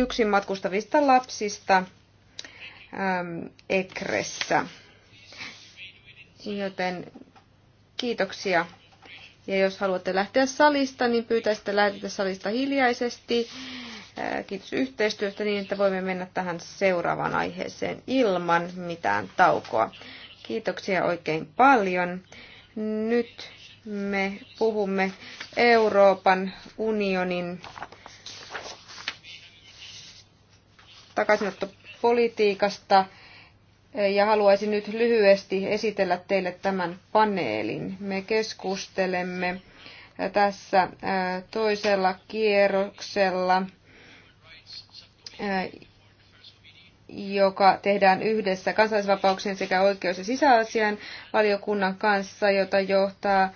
yksin matkustavista lapsista ähm, Ekressä. Joten kiitoksia. Ja jos haluatte lähteä salista, niin pyytäisitte lähteä salista hiljaisesti. Äh, kiitos yhteistyöstä niin, että voimme mennä tähän seuraavaan aiheeseen ilman mitään taukoa. Kiitoksia oikein paljon. Nyt me puhumme Euroopan unionin takaisinottopolitiikasta ja haluaisin nyt lyhyesti esitellä teille tämän paneelin. Me keskustelemme tässä toisella kierroksella, joka tehdään yhdessä kansalaisvapauksien sekä oikeus- ja sisäasian valiokunnan kanssa, jota johtaa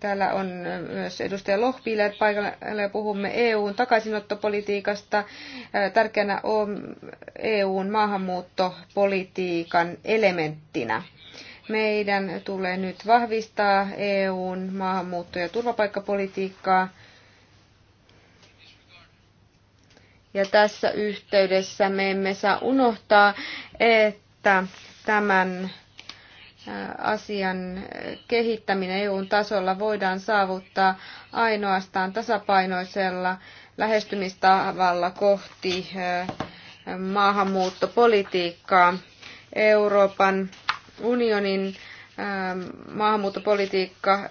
Täällä on myös edustaja Lohpiiler paikalla ja puhumme EUn takaisinottopolitiikasta. Tärkeänä on EUn maahanmuuttopolitiikan elementtinä. Meidän tulee nyt vahvistaa EUn maahanmuutto- ja turvapaikkapolitiikkaa. Ja tässä yhteydessä me emme saa unohtaa, että tämän asian kehittäminen EUn tasolla voidaan saavuttaa ainoastaan tasapainoisella lähestymistavalla kohti maahanmuuttopolitiikkaa. Euroopan unionin maahanmuuttopolitiikka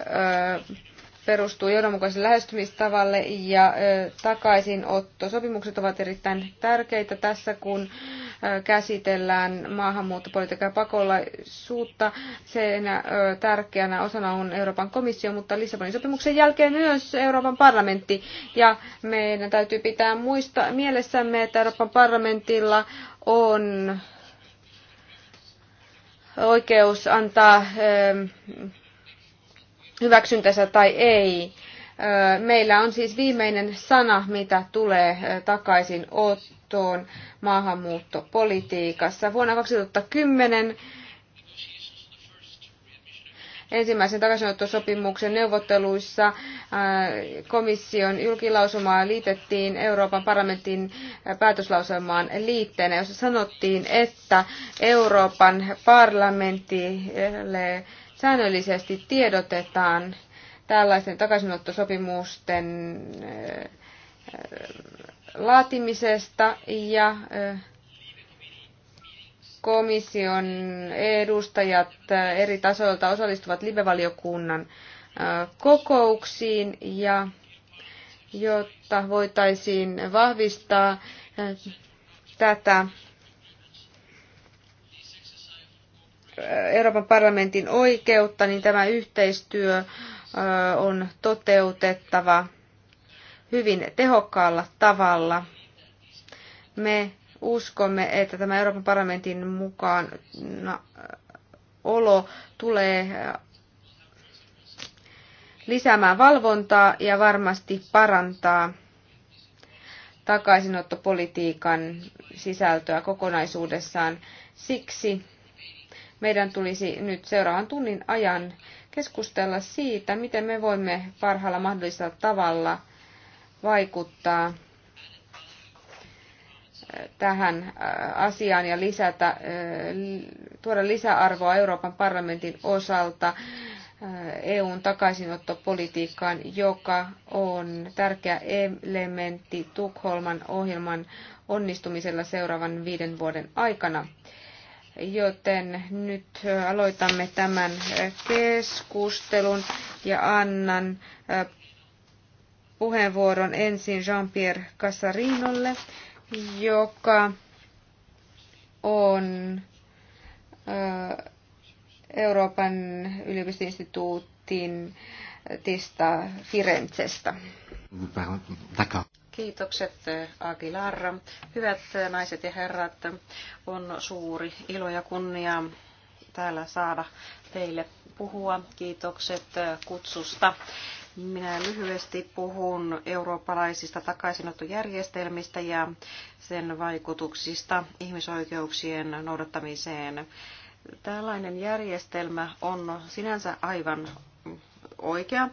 perustuu johdonmukaiselle lähestymistavalle ja takaisinotto. ovat erittäin tärkeitä tässä, kun käsitellään maahanmuuttopolitiikkaa ja pakolaisuutta. Sen tärkeänä osana on Euroopan komissio, mutta Lissabonin sopimuksen jälkeen myös Euroopan parlamentti. Ja meidän täytyy pitää muista mielessämme, että Euroopan parlamentilla on oikeus antaa hyväksyntänsä tai ei Meillä on siis viimeinen sana, mitä tulee takaisin ottoon maahanmuuttopolitiikassa. Vuonna 2010 ensimmäisen takaisinottosopimuksen neuvotteluissa komission julkilausumaa liitettiin Euroopan parlamentin päätöslauselmaan liitteenä, jossa sanottiin, että Euroopan parlamentille säännöllisesti tiedotetaan – tällaisten takaisinottosopimusten äh, laatimisesta ja äh, komission edustajat äh, eri tasoilta osallistuvat libevaliokunnan kokouksiin ja jotta voitaisiin vahvistaa tätä Euroopan parlamentin oikeutta, niin tämä yhteistyö on toteutettava hyvin tehokkaalla tavalla. Me uskomme, että tämä Euroopan parlamentin mukaan no, olo tulee lisäämään valvontaa ja varmasti parantaa takaisinottopolitiikan sisältöä kokonaisuudessaan. Siksi meidän tulisi nyt seuraavan tunnin ajan keskustella siitä, miten me voimme parhaalla mahdollisella tavalla vaikuttaa äh, tähän äh, asiaan ja lisätä, äh, tuoda lisäarvoa Euroopan parlamentin osalta EUn takaisinottopolitiikkaan, joka on tärkeä elementti Tukholman ohjelman onnistumisella seuraavan viiden vuoden aikana joten nyt aloitamme tämän keskustelun ja annan puheenvuoron ensin Jean-Pierre Casarinolle, joka on Euroopan yliopistoinstituutin tista Firenzestä. Kiitokset eh, Aguilar. Hyvät eh, naiset ja herrat, on suuri ilo ja kunnia täällä saada teille puhua. Kiitokset eh, kutsusta. Minä lyhyesti puhun eurooppalaisista takaisinottojärjestelmistä ja sen vaikutuksista ihmisoikeuksien noudattamiseen. Tällainen järjestelmä on sinänsä aivan oikea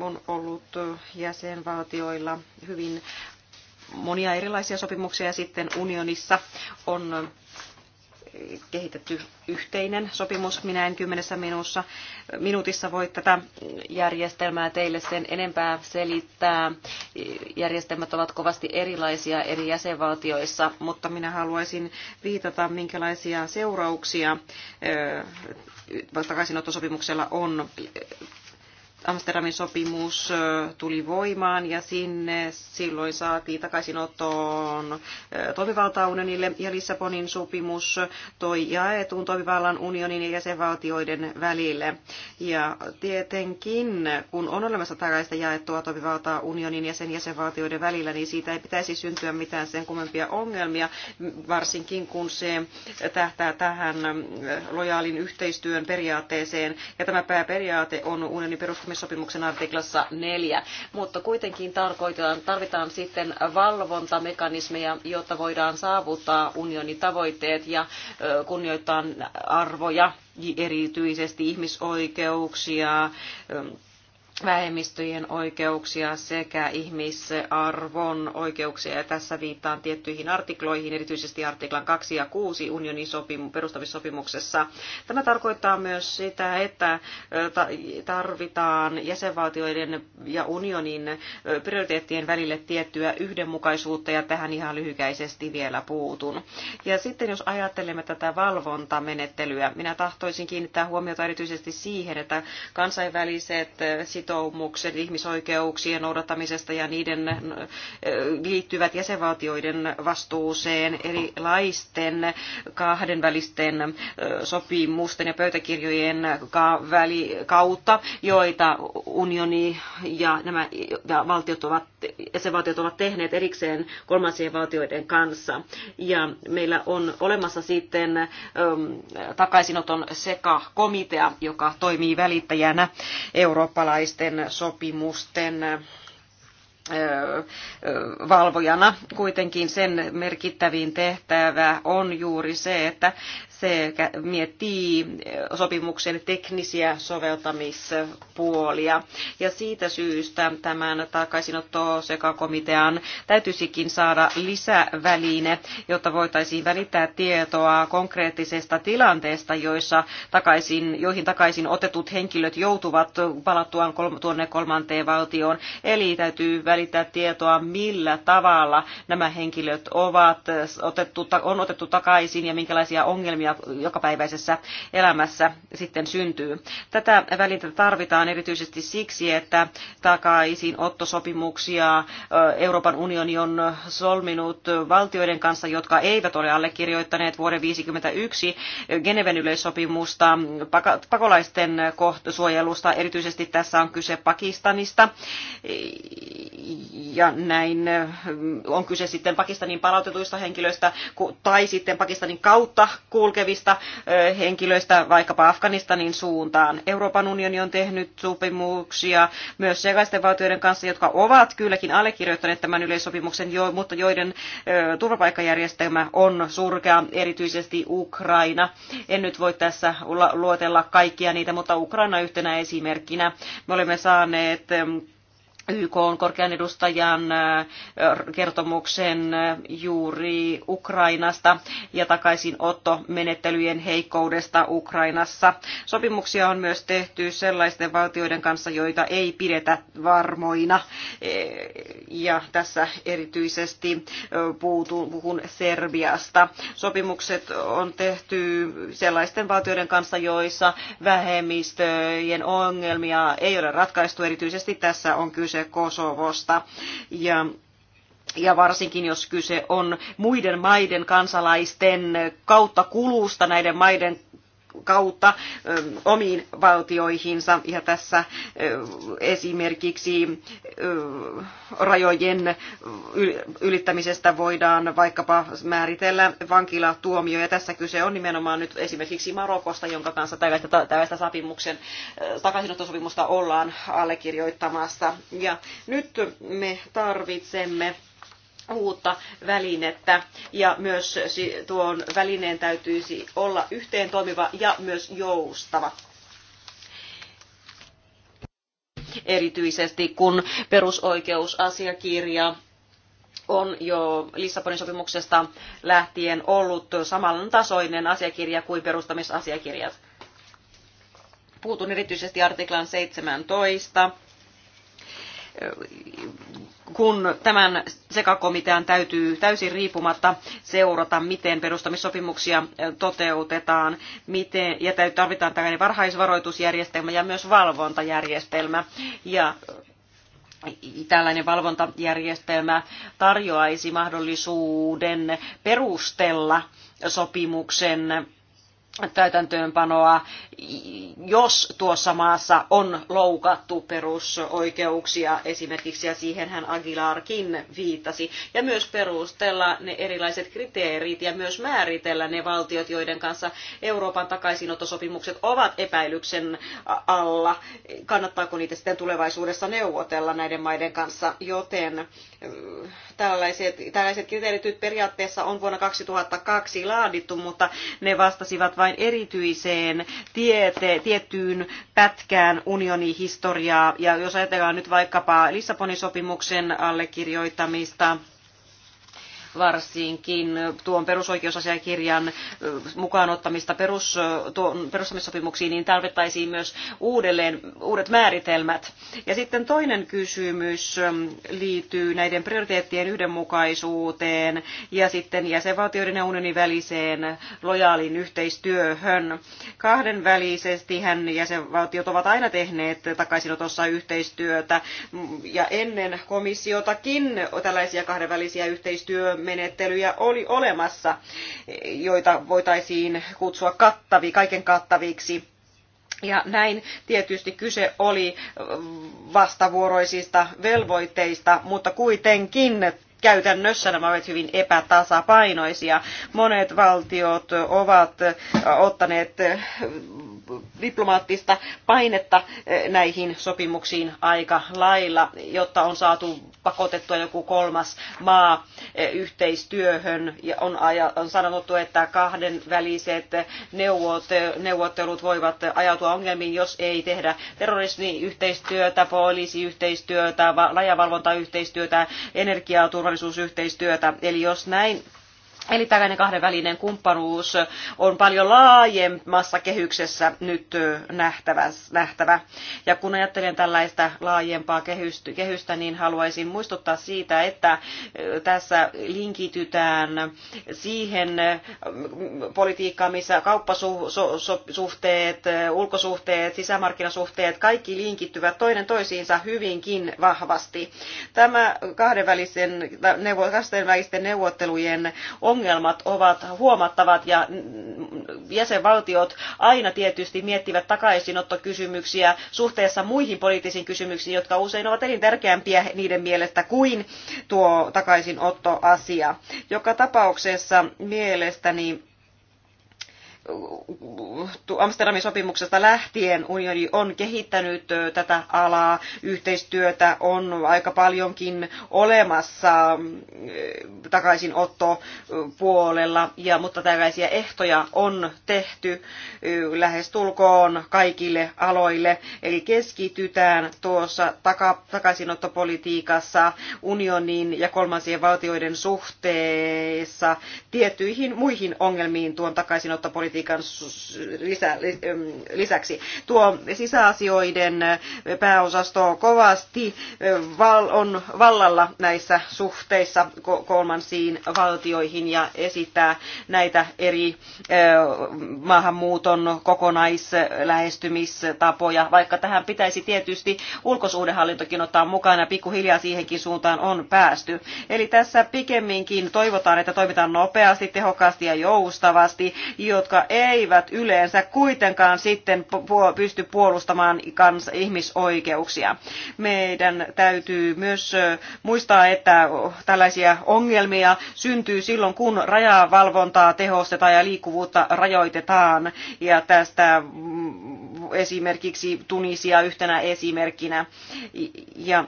on ollut jäsenvaltioilla hyvin monia erilaisia sopimuksia ja sitten unionissa on kehitetty yhteinen sopimus. Minä en kymmenessä minuussa minuutissa voi tätä järjestelmää teille sen enempää selittää. Järjestelmät ovat kovasti erilaisia eri jäsenvaltioissa, mutta minä haluaisin viitata, minkälaisia seurauksia vastakaisinottosopimuksella on Amsterdamin sopimus tuli voimaan ja sinne silloin saatiin takaisinottoon toimivalta unionille ja Lissabonin sopimus toi jaetun toimivallan unionin ja jäsenvaltioiden välille. Ja tietenkin, kun on olemassa takaisin jaettua toimivaltaa unionin ja sen jäsenvaltioiden välillä, niin siitä ei pitäisi syntyä mitään sen kummempia ongelmia, varsinkin kun se tähtää tähän lojaalin yhteistyön periaatteeseen. Ja tämä pääperiaate on unionin perustus perustamissopimuksen artiklassa neljä, mutta kuitenkin tarkoitetaan, tarvitaan sitten valvontamekanismeja, jotta voidaan saavuttaa unionin tavoitteet ja kunnioittaa arvoja, erityisesti ihmisoikeuksia, vähemmistöjen oikeuksia sekä ihmisarvon oikeuksia. Ja tässä viittaan tiettyihin artikloihin, erityisesti artiklan 2 ja 6 unionin sopimu- perustamissopimuksessa. Tämä tarkoittaa myös sitä, että tarvitaan jäsenvaltioiden ja unionin prioriteettien välille tiettyä yhdenmukaisuutta, ja tähän ihan lyhykäisesti vielä puutun. Ja sitten jos ajattelemme tätä valvontamenettelyä, minä tahtoisin kiinnittää huomiota erityisesti siihen, että kansainväliset sit sitoumuksen ihmisoikeuksien noudattamisesta ja niiden äh, liittyvät jäsenvaltioiden vastuuseen erilaisten kahdenvälisten äh, sopimusten ja pöytäkirjojen kautta, joita unioni ja nämä ja valtiot ovat, jäsenvaltiot ovat tehneet erikseen kolmansien valtioiden kanssa. Ja meillä on olemassa sitten äm, takaisinoton komitea, joka toimii välittäjänä eurooppalaista kansainvälisten sopimusten valvojana kuitenkin sen merkittävin tehtävä on juuri se, että se miettii sopimuksen teknisiä soveltamispuolia. Ja siitä syystä tämän takaisinotto-sekakomitean täytyisikin saada lisäväline, jotta voitaisiin välittää tietoa konkreettisesta tilanteesta, joissa takaisin, joihin takaisin otetut henkilöt joutuvat palattuaan kol- tuonne kolmanteen valtioon. Eli täytyy välittää tietoa, millä tavalla nämä henkilöt ovat otettu, on otettu takaisin ja minkälaisia ongelmia jokapäiväisessä elämässä sitten syntyy. Tätä välintä tarvitaan erityisesti siksi, että takaisin ottosopimuksia Euroopan unioni on solminut valtioiden kanssa, jotka eivät ole allekirjoittaneet vuoden 1951 Geneven yleissopimusta pakolaisten suojelusta. Erityisesti tässä on kyse Pakistanista ja näin on kyse sitten Pakistanin palautetuista henkilöistä tai sitten Pakistanin kautta kulkevista henkilöistä vaikkapa Afganistanin suuntaan. Euroopan unioni on tehnyt sopimuksia myös sellaisten valtioiden kanssa, jotka ovat kylläkin allekirjoittaneet tämän yleissopimuksen, mutta joiden turvapaikkajärjestelmä on surkea, erityisesti Ukraina. En nyt voi tässä luotella kaikkia niitä, mutta Ukraina yhtenä esimerkkinä. Me olemme saaneet YK on korkean edustajan kertomuksen juuri Ukrainasta ja takaisinottomenettelyjen heikkoudesta Ukrainassa. Sopimuksia on myös tehty sellaisten valtioiden kanssa, joita ei pidetä varmoina. E, ja tässä erityisesti puhun Serbiasta. Sopimukset on tehty sellaisten valtioiden kanssa, joissa vähemmistöjen ongelmia ei ole ratkaistu. Erityisesti tässä on kyse kyse Kosovosta. Ja ja varsinkin jos kyse on muiden maiden kansalaisten kautta kulusta näiden maiden kautta omiin valtioihinsa. Ja tässä esimerkiksi rajojen ylittämisestä voidaan vaikkapa määritellä vankilatuomio. Ja tässä kyse on nimenomaan nyt esimerkiksi Marokosta, jonka kanssa tällaista, tällaista sopimuksen, takaisinottosopimusta ollaan allekirjoittamassa. Ja nyt me tarvitsemme uutta välinettä ja myös tuon välineen täytyisi olla yhteen toimiva ja myös joustava erityisesti kun perusoikeusasiakirja on jo Lissabonin sopimuksesta lähtien ollut samantasoinen asiakirja kuin perustamisasiakirjat. Puutun erityisesti artiklan 17 kun tämän sekakomitean täytyy täysin riippumatta seurata, miten perustamissopimuksia toteutetaan, miten, ja tarvitaan tällainen varhaisvaroitusjärjestelmä ja myös valvontajärjestelmä. Ja tällainen valvontajärjestelmä tarjoaisi mahdollisuuden perustella sopimuksen täytäntöönpanoa, jos tuossa maassa on loukattu perusoikeuksia esimerkiksi, ja siihenhän Aguilarkin viittasi, ja myös perustella ne erilaiset kriteerit ja myös määritellä ne valtiot, joiden kanssa Euroopan takaisinottosopimukset ovat epäilyksen alla. Kannattaako niitä sitten tulevaisuudessa neuvotella näiden maiden kanssa, joten äh, tällaiset, tällaiset kriteerit nyt periaatteessa on vuonna 2002 laadittu, mutta ne vastasivat vain vain erityiseen tiete, tiettyyn pätkään unionin historiaa. Ja jos ajatellaan nyt vaikkapa Lissabonin sopimuksen allekirjoittamista, varsinkin tuon perusoikeusasiakirjan mukaan ottamista perus, tuon perustamissopimuksiin, niin tarvittaisiin myös uudelleen uudet määritelmät. Ja sitten toinen kysymys liittyy näiden prioriteettien yhdenmukaisuuteen ja sitten jäsenvaltioiden ja unionin väliseen lojaaliin yhteistyöhön. Kahdenvälisesti hän jäsenvaltiot ovat aina tehneet takaisinotossa yhteistyötä ja ennen komissiotakin tällaisia kahdenvälisiä yhteistyö menettelyjä oli olemassa, joita voitaisiin kutsua kattavi, kaiken kattaviksi ja näin tietysti kyse oli vastavuoroisista velvoitteista, mutta kuitenkin käytännössä nämä ovat hyvin epätasapainoisia. Monet valtiot ovat ottaneet diplomaattista painetta eh, näihin sopimuksiin aika lailla, jotta on saatu pakotettua joku kolmas maa eh, yhteistyöhön. Ja on, on sanottu, että kahdenväliset neuvottelut voivat ajautua ongelmiin, jos ei tehdä terrorismiyhteistyötä, poliisiyhteistyötä, rajavalvontayhteistyötä, energiaturvallisuusyhteistyötä. Eli jos näin Eli tällainen kahdenvälinen kumppanuus on paljon laajemmassa kehyksessä nyt nähtävä. nähtävä. Ja kun ajattelen tällaista laajempaa kehystä, niin haluaisin muistuttaa siitä, että tässä linkitytään siihen politiikkaan, missä kauppasuhteet, ulkosuhteet, sisämarkkinasuhteet, kaikki linkittyvät toinen toisiinsa hyvinkin vahvasti. Tämä kahdenvälisten neuvottelujen on ongelmat ovat huomattavat ja jäsenvaltiot aina tietysti miettivät takaisinottokysymyksiä suhteessa muihin poliittisiin kysymyksiin, jotka usein ovat elintärkeämpiä niiden mielestä kuin tuo takaisinottoasia. Joka tapauksessa mielestäni Amsterdamin sopimuksesta lähtien unioni on kehittänyt tätä alaa, yhteistyötä on aika paljonkin olemassa takaisinotto puolella, ja, mutta tällaisia ehtoja on tehty lähestulkoon kaikille aloille, eli keskitytään tuossa taka, takaisinottopolitiikassa unionin ja kolmansien valtioiden suhteessa tiettyihin muihin ongelmiin tuon takaisinottopolitiikan politiikan lisä, lisäksi. Tuo sisäasioiden pääosasto on kovasti on vallalla näissä suhteissa kolmansiin valtioihin ja esittää näitä eri maahanmuuton kokonaislähestymistapoja, vaikka tähän pitäisi tietysti ulkosuhdehallintokin ottaa mukaan ja pikkuhiljaa siihenkin suuntaan on päästy. Eli tässä pikemminkin toivotaan, että toimitaan nopeasti, tehokkaasti ja joustavasti, jotka eivät yleensä kuitenkaan sitten pysty puolustamaan ihmisoikeuksia. Meidän täytyy myös muistaa, että tällaisia ongelmia syntyy silloin, kun rajavalvontaa tehostetaan ja liikkuvuutta rajoitetaan. Ja tästä mm, esimerkiksi Tunisia yhtenä esimerkkinä. Ja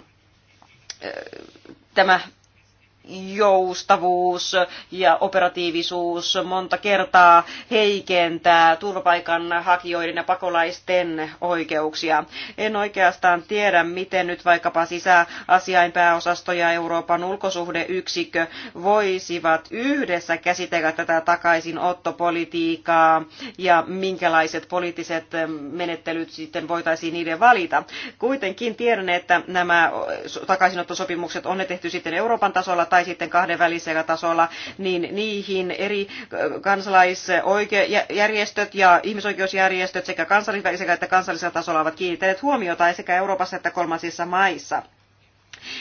tämä joustavuus ja operatiivisuus monta kertaa heikentää turvapaikanhakijoiden ja pakolaisten oikeuksia. En oikeastaan tiedä, miten nyt vaikkapa sisäasiain pääosasto ja Euroopan ulkosuhdeyksikkö voisivat yhdessä käsitellä tätä takaisinottopolitiikkaa ja minkälaiset poliittiset menettelyt sitten voitaisiin niiden valita. Kuitenkin tiedän, että nämä takaisinottosopimukset on ne tehty sitten Euroopan tasolla tai tai sitten kahdenvälisellä tasolla, niin niihin eri kansalaisjärjestöt ja ihmisoikeusjärjestöt sekä kansainvälisellä että kansallisella tasolla ovat kiinnittäneet huomiota sekä Euroopassa että kolmansissa maissa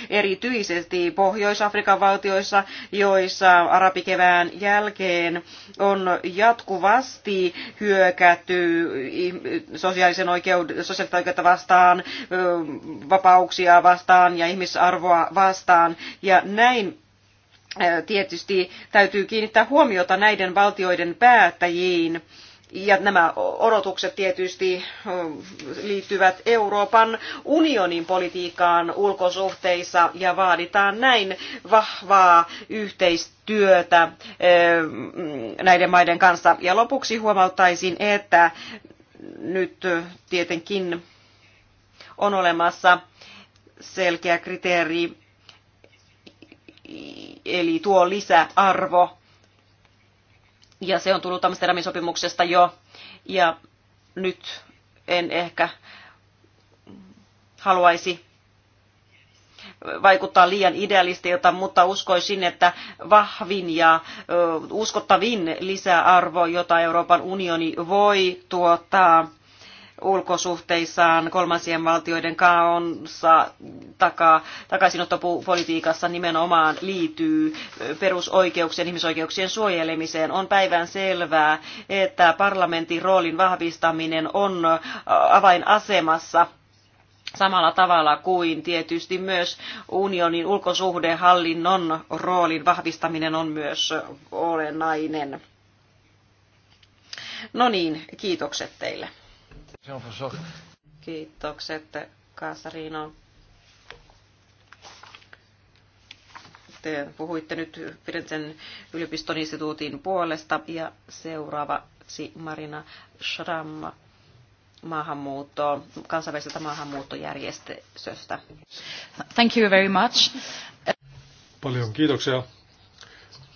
erityisesti Pohjois-Afrikan valtioissa, joissa arabikevään jälkeen on jatkuvasti hyökätty sosiaalisen oikeud- sosiaalista oikeutta vastaan, vapauksia vastaan ja ihmisarvoa vastaan. Ja näin tietysti täytyy kiinnittää huomiota näiden valtioiden päättäjiin. Ja nämä odotukset tietysti liittyvät Euroopan unionin politiikkaan ulkosuhteissa ja vaaditaan näin vahvaa yhteistyötä näiden maiden kanssa. Ja lopuksi huomauttaisin, että nyt tietenkin on olemassa selkeä kriteeri eli tuo lisäarvo. Ja se on tullut Amsterdamin sopimuksesta jo. Ja nyt en ehkä haluaisi vaikuttaa liian idealistilta, mutta uskoisin, että vahvin ja uskottavin lisäarvo, jota Euroopan unioni voi tuottaa ulkosuhteissaan kolmansien valtioiden kanssa taka, takaisinottopolitiikassa nimenomaan liittyy perusoikeuksien, ihmisoikeuksien suojelemiseen. On päivän selvää, että parlamentin roolin vahvistaminen on avainasemassa samalla tavalla kuin tietysti myös unionin ulkosuhdehallinnon roolin vahvistaminen on myös olennainen. No niin, kiitokset teille. Kiitokset, Kaasarino. Te puhuitte nyt Firenzen yliopiston instituutin puolesta ja seuraavaksi Marina Schramma maahanmuutto, kansainväliseltä maahanmuuttojärjestöstä. Thank you very much. Paljon kiitoksia.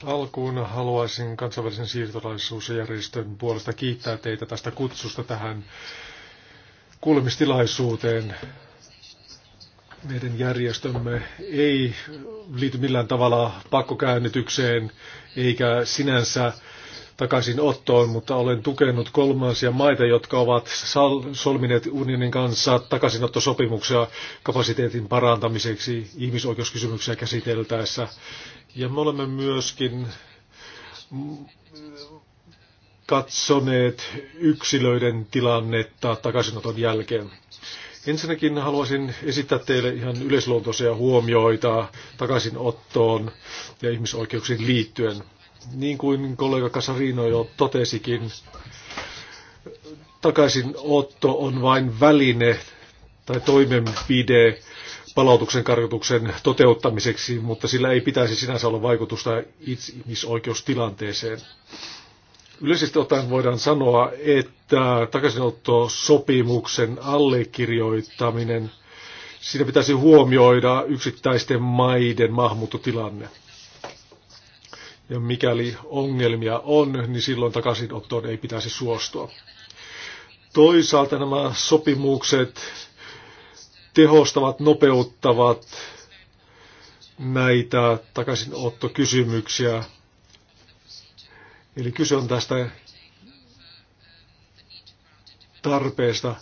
Alkuun haluaisin kansainvälisen siirtolaisuusjärjestön puolesta kiittää teitä tästä kutsusta tähän kuulemistilaisuuteen. Meidän järjestömme ei liity millään tavalla pakkokäännytykseen eikä sinänsä takaisin ottoon, mutta olen tukenut kolmansia maita, jotka ovat solmineet unionin kanssa takaisinottosopimuksia kapasiteetin parantamiseksi ihmisoikeuskysymyksiä käsiteltäessä. Ja me olemme myöskin katsoneet yksilöiden tilannetta takaisinoton jälkeen. Ensinnäkin haluaisin esittää teille ihan yleisluontoisia huomioita takaisinottoon ja ihmisoikeuksiin liittyen. Niin kuin kollega Kasarino jo totesikin, takaisinotto on vain väline tai toimenpide palautuksen karkotuksen toteuttamiseksi, mutta sillä ei pitäisi sinänsä olla vaikutusta ihmisoikeustilanteeseen. Yleisesti ottaen voidaan sanoa, että takaisinottosopimuksen allekirjoittaminen, siinä pitäisi huomioida yksittäisten maiden maahanmuuttotilanne. Ja mikäli ongelmia on, niin silloin takaisinottoon ei pitäisi suostua. Toisaalta nämä sopimukset tehostavat, nopeuttavat näitä takaisinottokysymyksiä Eli kyse on tästä tarpeesta.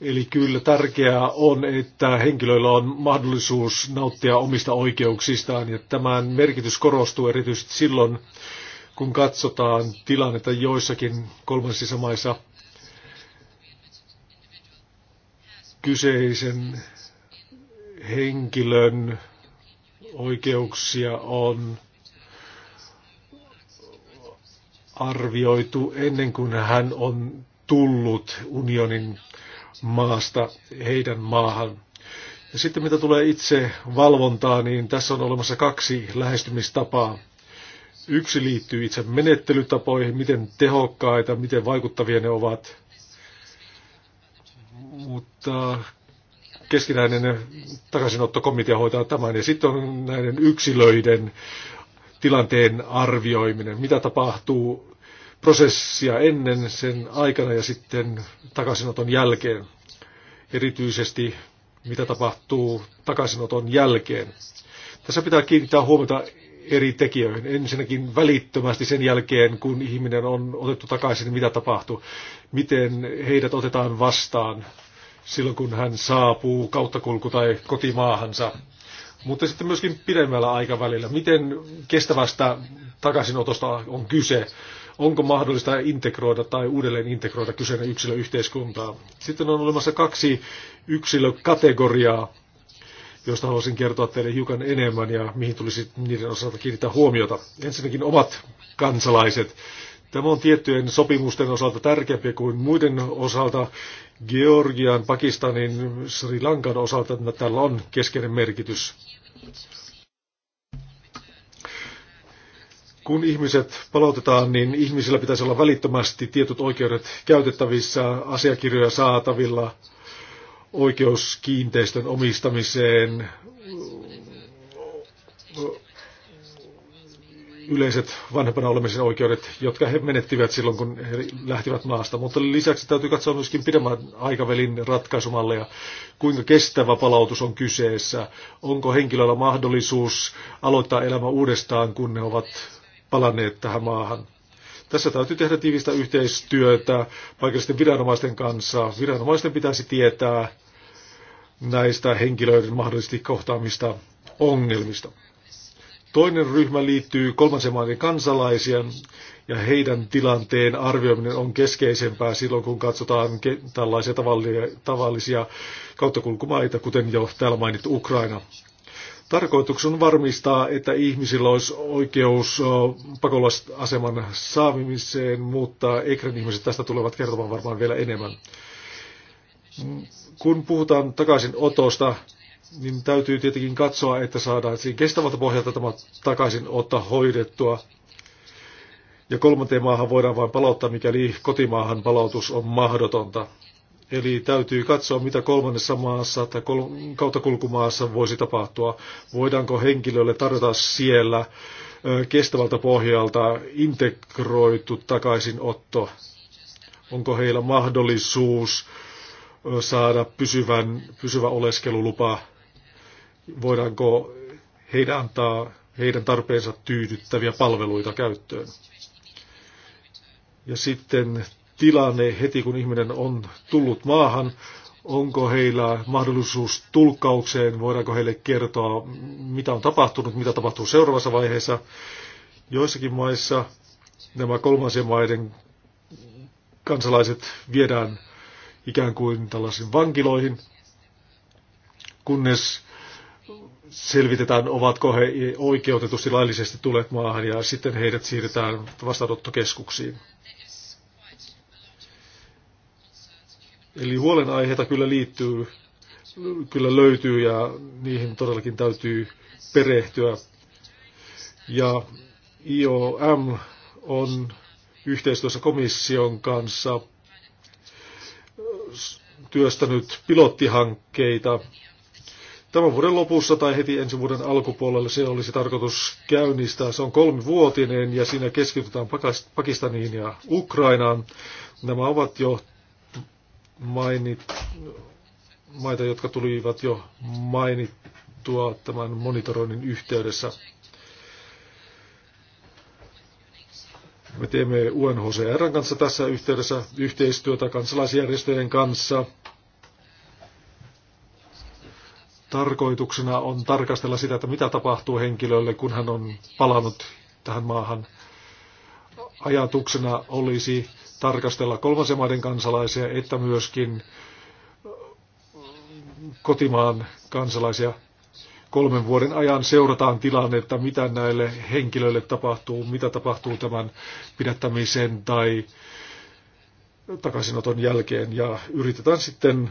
Eli kyllä tärkeää on, että henkilöillä on mahdollisuus nauttia omista oikeuksistaan ja tämän merkitys korostuu erityisesti silloin, kun katsotaan tilannetta joissakin kolmansissa maissa kyseisen henkilön oikeuksia on arvioitu ennen kuin hän on tullut unionin maasta heidän maahan. Ja sitten mitä tulee itse valvontaan, niin tässä on olemassa kaksi lähestymistapaa. Yksi liittyy itse menettelytapoihin, miten tehokkaita, miten vaikuttavia ne ovat. Mutta keskinäinen takaisinottokomitea hoitaa tämän. Ja sitten on näiden yksilöiden tilanteen arvioiminen. Mitä tapahtuu prosessia ennen, sen aikana ja sitten takaisinoton jälkeen. Erityisesti mitä tapahtuu takaisinoton jälkeen. Tässä pitää kiinnittää huomiota eri tekijöihin. Ensinnäkin välittömästi sen jälkeen, kun ihminen on otettu takaisin, niin mitä tapahtuu. Miten heidät otetaan vastaan silloin, kun hän saapuu kauttakulku- tai kotimaahansa. Mutta sitten myöskin pidemmällä aikavälillä. Miten kestävästä takaisinotosta on kyse? onko mahdollista integroida tai uudelleen integroida kyseinen yksilö yhteiskuntaa. Sitten on olemassa kaksi yksilökategoriaa, joista haluaisin kertoa teille hiukan enemmän ja mihin tulisi niiden osalta kiinnittää huomiota. Ensinnäkin omat kansalaiset. Tämä on tiettyjen sopimusten osalta tärkeämpi kuin muiden osalta. Georgian, Pakistanin, Sri Lankan osalta tällä on keskeinen merkitys. kun ihmiset palautetaan, niin ihmisillä pitäisi olla välittömästi tietyt oikeudet käytettävissä, asiakirjoja saatavilla, oikeus kiinteistön omistamiseen, yleiset vanhempana olemisen oikeudet, jotka he menettivät silloin, kun he lähtivät maasta. Mutta lisäksi täytyy katsoa myöskin pidemmän aikavälin ratkaisumalleja, kuinka kestävä palautus on kyseessä, onko henkilöllä mahdollisuus aloittaa elämä uudestaan, kun ne ovat palanneet tähän maahan. Tässä täytyy tehdä tiivistä yhteistyötä paikallisten viranomaisten kanssa. Viranomaisten pitäisi tietää näistä henkilöiden mahdollisesti kohtaamista ongelmista. Toinen ryhmä liittyy kolmansien maiden kansalaisien ja heidän tilanteen arvioiminen on keskeisempää silloin, kun katsotaan tällaisia tavallisia kauttakulkumaita, kuten jo täällä mainittu Ukraina. Tarkoituksena on varmistaa, että ihmisillä olisi oikeus pakolaisaseman saamiseen, mutta ekran ihmiset tästä tulevat kertomaan varmaan vielä enemmän. Kun puhutaan takaisin otosta, niin täytyy tietenkin katsoa, että saadaan kestävältä pohjalta tämä takaisin ottaa hoidettua. Ja kolmanteen maahan voidaan vain palauttaa, mikäli kotimaahan palautus on mahdotonta. Eli täytyy katsoa, mitä kolmannessa maassa tai kol- kauttakulkumaassa voisi tapahtua. Voidaanko henkilölle tarjota siellä kestävältä pohjalta integroitu takaisinotto? Onko heillä mahdollisuus saada pysyvän, pysyvä oleskelulupa? Voidaanko heidän antaa heidän tarpeensa tyydyttäviä palveluita käyttöön? Ja sitten tilanne heti, kun ihminen on tullut maahan. Onko heillä mahdollisuus tulkkaukseen, voidaanko heille kertoa, mitä on tapahtunut, mitä tapahtuu seuraavassa vaiheessa. Joissakin maissa nämä kolmansien maiden kansalaiset viedään ikään kuin tällaisiin vankiloihin, kunnes selvitetään, ovatko he oikeutetusti laillisesti tulleet maahan ja sitten heidät siirretään vastaanottokeskuksiin. Eli huolenaiheita kyllä liittyy, kyllä löytyy ja niihin todellakin täytyy perehtyä. Ja IOM on yhteistyössä komission kanssa työstänyt pilottihankkeita. Tämän vuoden lopussa tai heti ensi vuoden alkupuolella se olisi tarkoitus käynnistää. Se on kolmivuotinen ja siinä keskitytään Pakistaniin ja Ukrainaan. Nämä ovat jo mainit, maita, jotka tulivat jo mainittua tämän monitoroinnin yhteydessä. Me teemme UNHCRn kanssa tässä yhteydessä yhteistyötä kansalaisjärjestöjen kanssa. Tarkoituksena on tarkastella sitä, että mitä tapahtuu henkilölle, kun hän on palannut tähän maahan. Ajatuksena olisi tarkastella kolmansien maiden kansalaisia, että myöskin kotimaan kansalaisia. Kolmen vuoden ajan seurataan tilannetta, mitä näille henkilöille tapahtuu, mitä tapahtuu tämän pidättämisen tai takaisinoton jälkeen. Ja yritetään sitten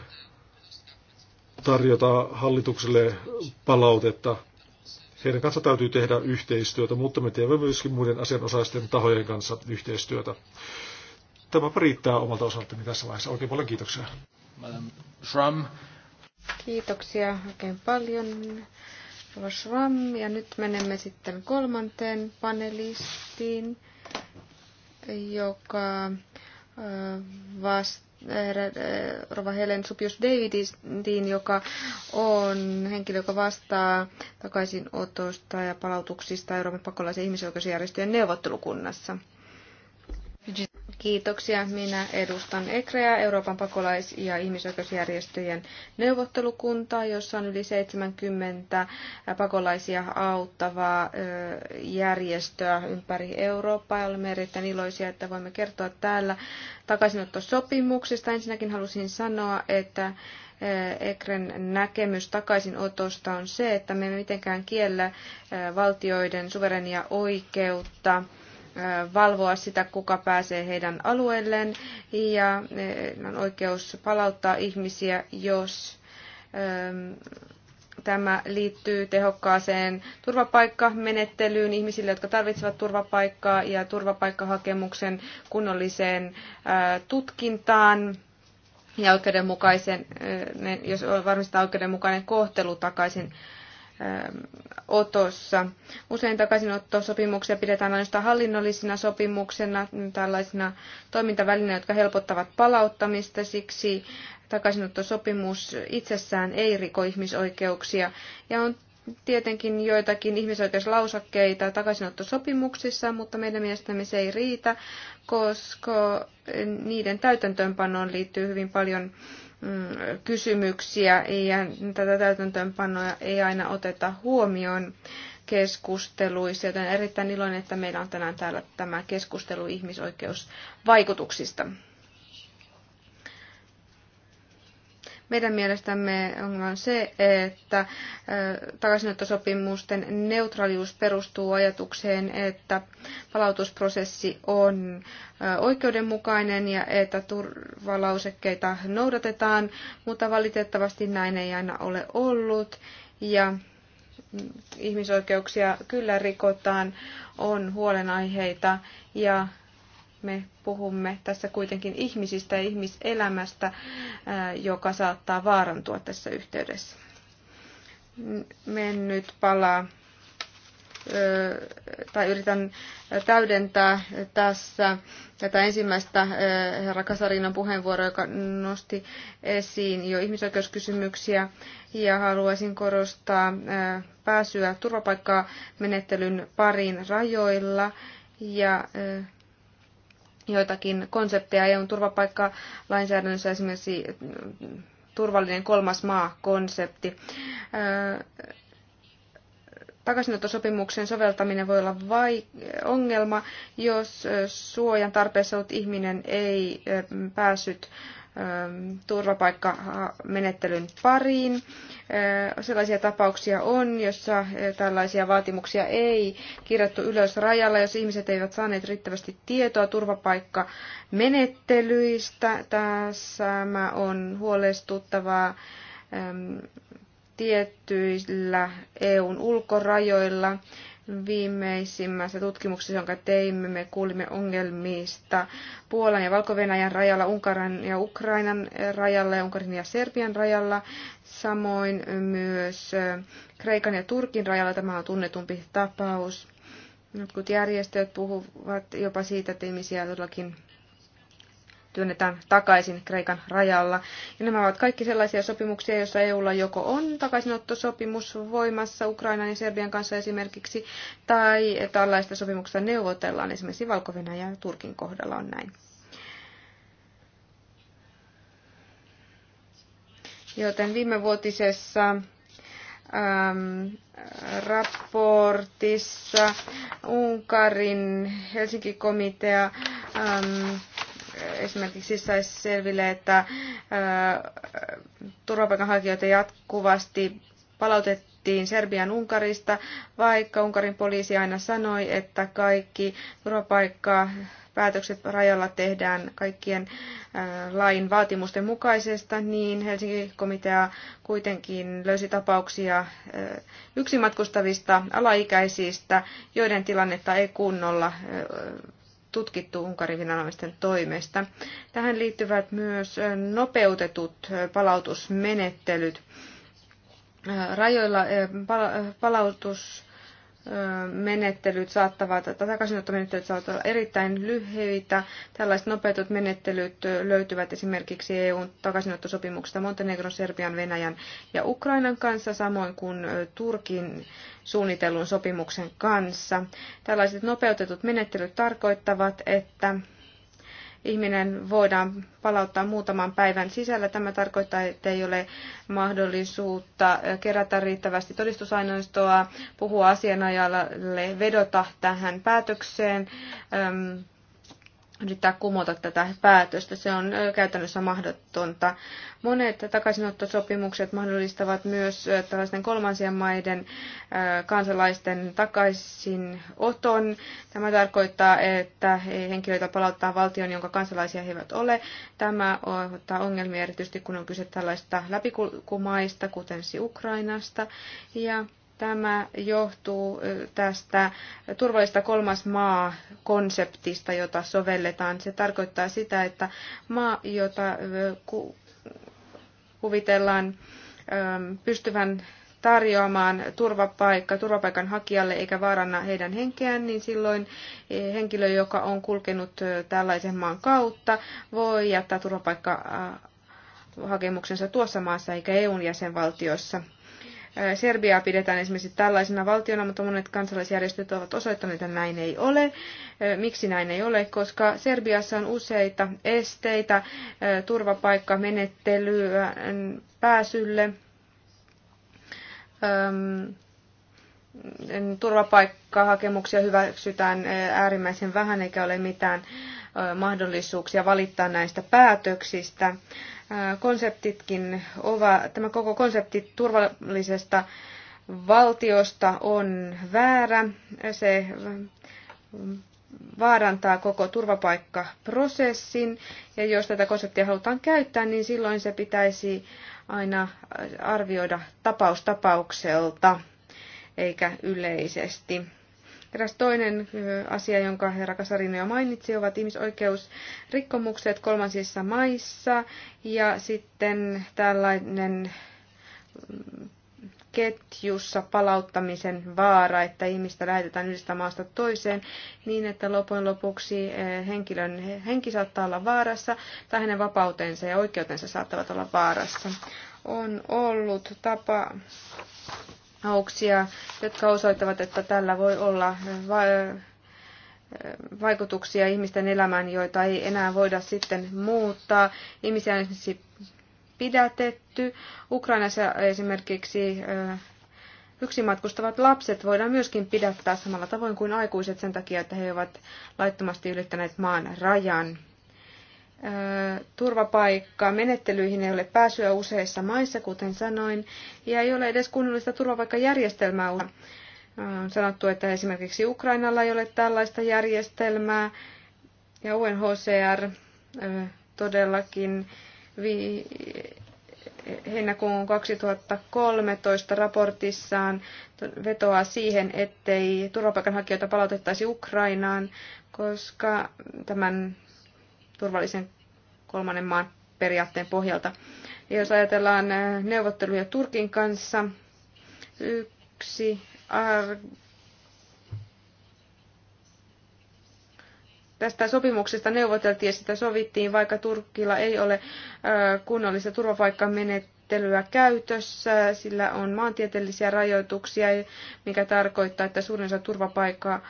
tarjota hallitukselle palautetta. Heidän kanssa täytyy tehdä yhteistyötä, mutta me teemme myöskin muiden asianosaisten tahojen kanssa yhteistyötä tämä riittää omalta osaltani tässä vaiheessa. Oikein paljon kiitoksia. Shram. Kiitoksia oikein paljon. Shram. Ja nyt menemme sitten kolmanteen panelistiin, joka äh, vastaa äh, Rova Helen Supius Davidin, joka on henkilö, joka vastaa takaisinotosta ja palautuksista Euroopan pakolaisen ihmisoikeusjärjestöjen neuvottelukunnassa. Kiitoksia. Minä edustan ECREA, Euroopan pakolais- ja ihmisoikeusjärjestöjen neuvottelukuntaa, jossa on yli 70 pakolaisia auttavaa järjestöä ympäri Eurooppaa. Ja olemme erittäin iloisia, että voimme kertoa täällä takaisinottosopimuksista. Ensinnäkin halusin sanoa, että Ekren näkemys takaisinotosta on se, että me emme mitenkään kiellä valtioiden suverenia oikeutta – valvoa sitä, kuka pääsee heidän alueelleen ja on oikeus palauttaa ihmisiä, jos tämä liittyy tehokkaaseen turvapaikkamenettelyyn ihmisille, jotka tarvitsevat turvapaikkaa ja turvapaikkahakemuksen kunnolliseen tutkintaan ja oikeudenmukaisen, jos varmistaa oikeudenmukainen kohtelu takaisin Ähm, otossa. Usein takaisinottosopimuksia pidetään ainoastaan hallinnollisina sopimuksena, tällaisina toimintavälineinä, jotka helpottavat palauttamista. Siksi takaisinottosopimus itsessään ei riko ihmisoikeuksia. Ja on tietenkin joitakin ihmisoikeuslausakkeita takaisinottosopimuksissa, mutta meidän mielestämme se ei riitä, koska niiden täytäntöönpanoon liittyy hyvin paljon Mm, kysymyksiä ja tätä täytäntöönpanoa ei aina oteta huomioon keskusteluissa, joten erittäin iloinen, että meillä on tänään täällä tämä keskustelu ihmisoikeusvaikutuksista. Meidän mielestämme on se, että takaisinottosopimusten neutraalius perustuu ajatukseen, että palautusprosessi on oikeudenmukainen ja että turvalausekkeita noudatetaan, mutta valitettavasti näin ei aina ole ollut. Ja mm, ihmisoikeuksia kyllä rikotaan, on huolenaiheita ja me puhumme tässä kuitenkin ihmisistä ja ihmiselämästä, äh, joka saattaa vaarantua tässä yhteydessä. Mennyt nyt palaa tai yritän täydentää tässä tätä ensimmäistä herra Kasarinan puheenvuoroa, joka nosti esiin jo ihmisoikeuskysymyksiä ja haluaisin korostaa pääsyä turvapaikkaa menettelyn parin rajoilla ja joitakin konsepteja EUn turvapaikkalainsäädännössä, esimerkiksi mm, turvallinen kolmas maa-konsepti. Takaisinottosopimuksen soveltaminen voi olla vai- ongelma, jos suojan tarpeessa ollut ihminen ei päässyt Ähm, turvapaikkamenettelyn pariin. Äh, sellaisia tapauksia on, jossa äh, tällaisia vaatimuksia ei kirjattu ylös rajalla, jos ihmiset eivät saaneet riittävästi tietoa turvapaikkamenettelyistä. Tämä on huolestuttavaa ähm, tiettyillä EUn ulkorajoilla viimeisimmässä tutkimuksessa, jonka teimme, me kuulimme ongelmista Puolan ja valko rajalla, Unkarin ja Ukrainan rajalla ja Unkarin ja Serbian rajalla, samoin myös eh, Kreikan ja Turkin rajalla. Tämä on tunnetumpi tapaus. Jotkut järjestöt puhuvat jopa siitä, että ihmisiä todellakin työnnetään takaisin Kreikan rajalla. Ja nämä ovat kaikki sellaisia sopimuksia, joissa EUlla joko on takaisinottosopimus voimassa Ukrainan ja Serbian kanssa esimerkiksi, tai tällaista sopimuksista neuvotellaan esimerkiksi valko ja Turkin kohdalla on näin. Joten vuotisessa ähm, raportissa Unkarin Helsinki-komitea ähm, esimerkiksi saisi selville, että turvapaikanhakijoita jatkuvasti palautettiin Serbian Unkarista, vaikka Unkarin poliisi aina sanoi, että kaikki turvapaikkaa päätökset rajalla tehdään kaikkien lain vaatimusten mukaisesta, niin Helsingin komitea kuitenkin löysi tapauksia yksimatkustavista alaikäisistä, joiden tilannetta ei kunnolla tutkittu Unkarin viranomaisten toimesta. Tähän liittyvät myös nopeutetut palautusmenettelyt. Rajoilla palautus menettelyt saattavat, takaisinottomenettelyt saattavat olla erittäin lyhyitä. Tällaiset nopeutut menettelyt löytyvät esimerkiksi EUn takaisinottosopimuksesta Montenegron, Serbian, Venäjän ja Ukrainan kanssa, samoin kuin Turkin suunnitellun sopimuksen kanssa. Tällaiset nopeutetut menettelyt tarkoittavat, että ihminen voidaan palauttaa muutaman päivän sisällä. Tämä tarkoittaa, että ei ole mahdollisuutta kerätä riittävästi todistusaineistoa, puhua asianajalle, vedota tähän päätökseen yrittää kumota tätä päätöstä. Se on käytännössä mahdotonta. Monet takaisinottosopimukset mahdollistavat myös tällaisten kolmansien maiden kansalaisten takaisinoton. Tämä tarkoittaa, että henkilöitä palauttaa valtion, jonka kansalaisia he eivät ole. Tämä ottaa ongelmia erityisesti, kun on kyse tällaista läpikulkumaista, kuten Ukrainasta. Ja Tämä johtuu tästä turvallista kolmas maa konseptista, jota sovelletaan. Se tarkoittaa sitä, että maa, jota kuvitellaan pystyvän tarjoamaan turvapaikka turvapaikan hakijalle eikä vaaranna heidän henkeään, niin silloin e, henkilö, joka on kulkenut tällaisen maan kautta, voi jättää turvapaikkahakemuksensa tuossa maassa eikä EUn jäsenvaltioissa. Serbiaa pidetään esimerkiksi tällaisena valtiona, mutta monet kansalaisjärjestöt ovat osoittaneet, että näin ei ole. Miksi näin ei ole? Koska Serbiassa on useita esteitä turvapaikkamenettelyä pääsylle turvapaikkahakemuksia hyväksytään äärimmäisen vähän eikä ole mitään mahdollisuuksia valittaa näistä päätöksistä konseptitkin ovat, tämä koko konsepti turvallisesta valtiosta on väärä. Se vaarantaa koko turvapaikkaprosessin. Ja jos tätä konseptia halutaan käyttää, niin silloin se pitäisi aina arvioida tapaustapaukselta eikä yleisesti. Eräs toinen asia, jonka herra Kasarino jo mainitsi, ovat ihmisoikeusrikkomukset kolmansissa maissa ja sitten tällainen mm, ketjussa palauttamisen vaara, että ihmistä lähetetään yhdestä maasta toiseen niin, että lopun lopuksi henkilön henki saattaa olla vaarassa tai hänen vapautensa ja oikeutensa saattavat olla vaarassa. On ollut tapa auksia, jotka osoittavat, että tällä voi olla vaikutuksia ihmisten elämään, joita ei enää voida sitten muuttaa. Ihmisiä on esimerkiksi pidätetty. Ukrainassa esimerkiksi yksin matkustavat lapset voidaan myöskin pidättää samalla tavoin kuin aikuiset sen takia, että he ovat laittomasti ylittäneet maan rajan turvapaikkaa. Menettelyihin ei ole pääsyä useissa maissa, kuten sanoin, ja ei ole edes kunnollista turvapaikkajärjestelmää. On sanottu, että esimerkiksi Ukrainalla ei ole tällaista järjestelmää, ja UNHCR todellakin vi- heinäkuun 2013 raportissaan vetoaa siihen, ettei turvapaikanhakijoita palautettaisi Ukrainaan, koska tämän turvallisen kolmannen maan periaatteen pohjalta. Ja jos ajatellaan äh, neuvotteluja Turkin kanssa, yksi ar- tästä sopimuksesta neuvoteltiin ja sitä sovittiin, vaikka Turkilla ei ole äh, kunnollista turvapaikkamenettelyä käytössä, sillä on maantieteellisiä rajoituksia, mikä tarkoittaa, että suurin osa turvapaikkaa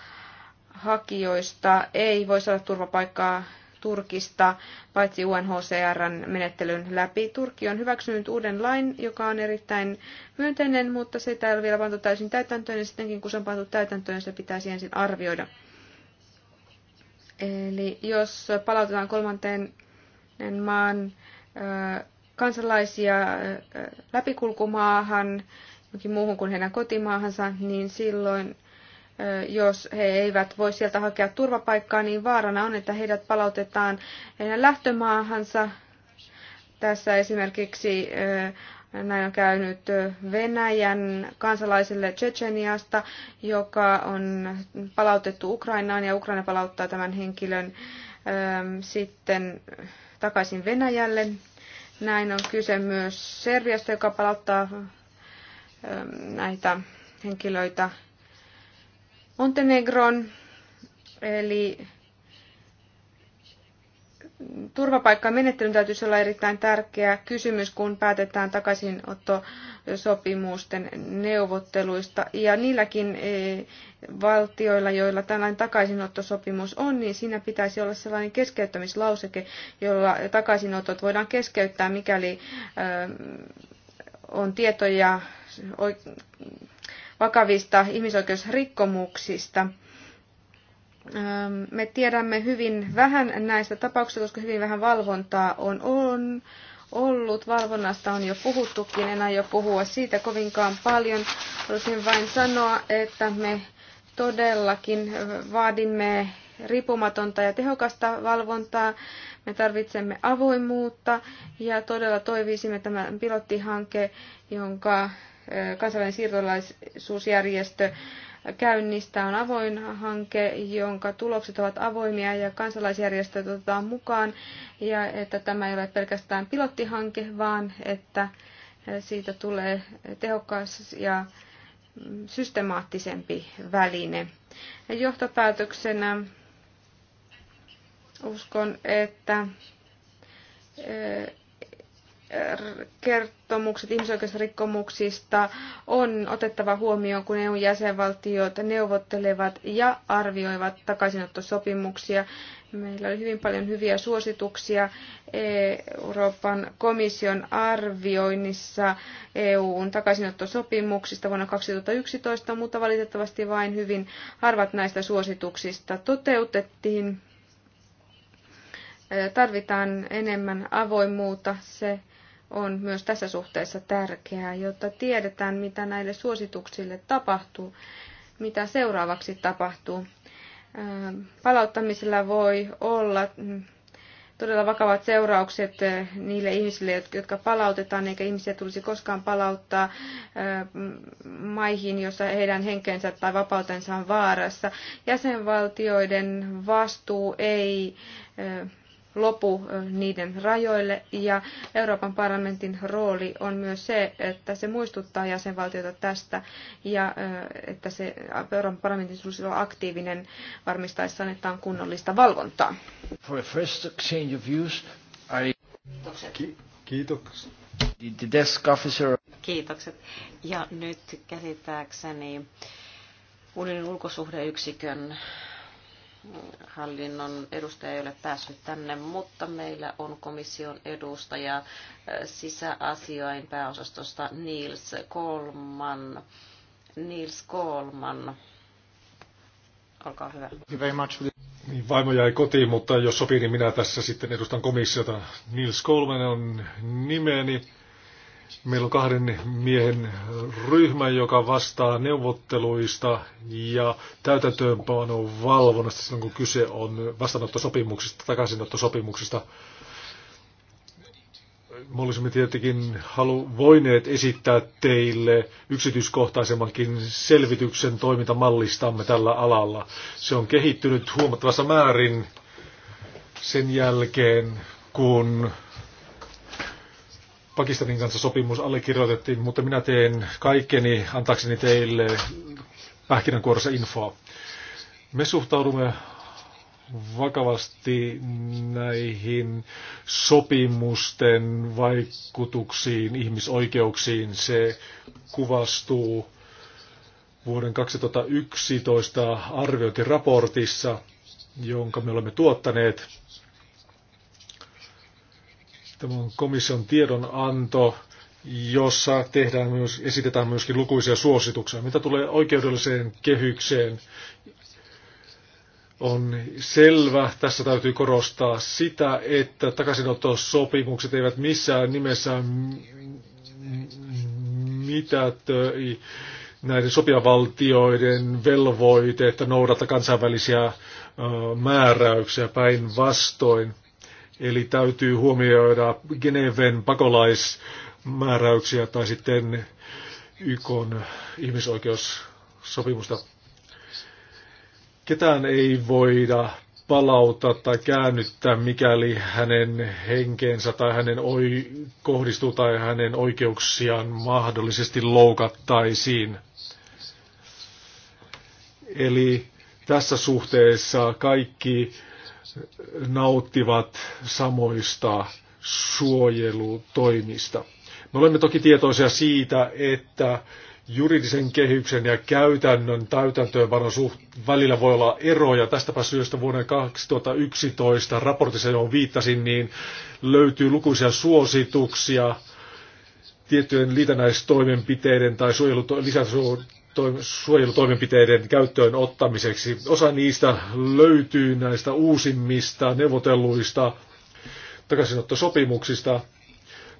hakijoista ei voi saada turvapaikkaa Turkista, paitsi UNHCRn menettelyn läpi. Turkki on hyväksynyt uuden lain, joka on erittäin myönteinen, mutta se ei ole vielä pantu täysin täytäntöön, ja sittenkin kun se on pantu täytäntöön, se pitäisi ensin arvioida. Eli jos palautetaan kolmanteen maan kansalaisia läpikulkumaahan, jokin muuhun kuin heidän kotimaahansa, niin silloin – jos he eivät voi sieltä hakea turvapaikkaa, niin vaarana on, että heidät palautetaan heidän lähtömaahansa. Tässä esimerkiksi näin on käynyt Venäjän kansalaiselle Tsecheniasta, joka on palautettu Ukrainaan ja Ukraina palauttaa tämän henkilön sitten takaisin Venäjälle. Näin on kyse myös Serbiasta, joka palauttaa näitä henkilöitä Montenegron, eli turvapaikkamenettelyn täytyisi olla erittäin tärkeä kysymys, kun päätetään takaisinottosopimusten neuvotteluista. Ja niilläkin e, valtioilla, joilla tällainen takaisinottosopimus on, niin siinä pitäisi olla sellainen keskeyttämislauseke, jolla takaisinotot voidaan keskeyttää, mikäli on tietoja vakavista ihmisoikeusrikkomuksista. Ähm, me tiedämme hyvin vähän näistä tapauksista, koska hyvin vähän valvontaa on, on ollut. Valvonnasta on jo puhuttukin, en aio puhua siitä kovinkaan paljon. Haluaisin vain sanoa, että me todellakin vaadimme riippumatonta ja tehokasta valvontaa. Me tarvitsemme avoimuutta ja todella toivoisimme tämän pilottihanke, jonka kansainvälinen siirtolaisuusjärjestö käynnistää on avoin hanke, jonka tulokset ovat avoimia ja kansalaisjärjestöt otetaan mukaan. Ja että tämä ei ole pelkästään pilottihanke, vaan että siitä tulee tehokas ja systemaattisempi väline. Johtopäätöksenä uskon, että Äh, kertomukset ihmisoikeusrikkomuksista on otettava huomioon, kun EUn jäsenvaltiot neuvottelevat ja arvioivat takaisinottosopimuksia. Meillä oli hyvin paljon hyviä suosituksia Euroopan komission arvioinnissa EUn takaisinottosopimuksista vuonna 2011, mutta valitettavasti vain hyvin harvat näistä suosituksista toteutettiin. Äh, tarvitaan enemmän avoimuutta. Se on myös tässä suhteessa tärkeää, jotta tiedetään, mitä näille suosituksille tapahtuu, mitä seuraavaksi tapahtuu. Ähm, palauttamisella voi olla mm, todella vakavat seuraukset äh, niille ihmisille, jotka palautetaan, eikä ihmisiä tulisi koskaan palauttaa äh, maihin, jossa heidän henkensä tai vapautensa on vaarassa. Jäsenvaltioiden vastuu ei äh, lopu niiden rajoille ja Euroopan parlamentin rooli on myös se, että se muistuttaa jäsenvaltiota tästä ja että se Euroopan parlamentin tulisi olla aktiivinen varmistaessaan, että on kunnollista valvontaa. For a first exchange of views, I... Kiitokset. Kiitokset. The desk officer. Kiitokset. Ja nyt käsittääkseni unionin ulkosuhdeyksikön hallinnon edustaja ei ole päässyt tänne, mutta meillä on komission edustaja äh, sisäasioin pääosastosta Nils Kolman. Nils Kolman, olkaa hyvä. Niin, vaimo jäi kotiin, mutta jos sopii, niin minä tässä sitten edustan komissiota. Nils Kolman on nimeni. Meillä on kahden miehen ryhmä, joka vastaa neuvotteluista ja täytäntöönpanon valvonnasta silloin, kun kyse on vastaanottosopimuksista, takaisinottosopimuksista. Me olisimme tietenkin halu, voineet esittää teille yksityiskohtaisemmankin selvityksen toimintamallistamme tällä alalla. Se on kehittynyt huomattavassa määrin sen jälkeen, kun Pakistanin kanssa sopimus allekirjoitettiin, mutta minä teen kaikkeni antaakseni teille pähkinänkuorossa infoa. Me suhtaudumme vakavasti näihin sopimusten vaikutuksiin, ihmisoikeuksiin. Se kuvastuu vuoden 2011 arviointiraportissa, jonka me olemme tuottaneet. Tämä on komission tiedonanto, jossa tehdään myös, esitetään myöskin lukuisia suosituksia. Mitä tulee oikeudelliseen kehykseen, on selvä. Tässä täytyy korostaa sitä, että takaisinottosopimukset eivät missään nimessä mitätöi näiden sopijavaltioiden velvoite, että noudata kansainvälisiä määräyksiä päinvastoin. Eli täytyy huomioida Geneven pakolaismääräyksiä tai sitten YK ihmisoikeussopimusta. Ketään ei voida palauttaa tai käännyttää, mikäli hänen henkeensä tai hänen oi, kohdistuu tai hänen oikeuksiaan mahdollisesti loukattaisiin. Eli tässä suhteessa kaikki nauttivat samoista suojelutoimista. Me olemme toki tietoisia siitä, että juridisen kehyksen ja käytännön täytäntöönpanon suht välillä voi olla eroja. Tästäpä syystä vuoden 2011 raportissa, johon viittasin, niin löytyy lukuisia suosituksia tiettyjen liitännäistoimenpiteiden tai lisäsuojelutoimenpiteiden suojelutoimenpiteiden käyttöön ottamiseksi. Osa niistä löytyy näistä uusimmista neuvotelluista takaisinottosopimuksista.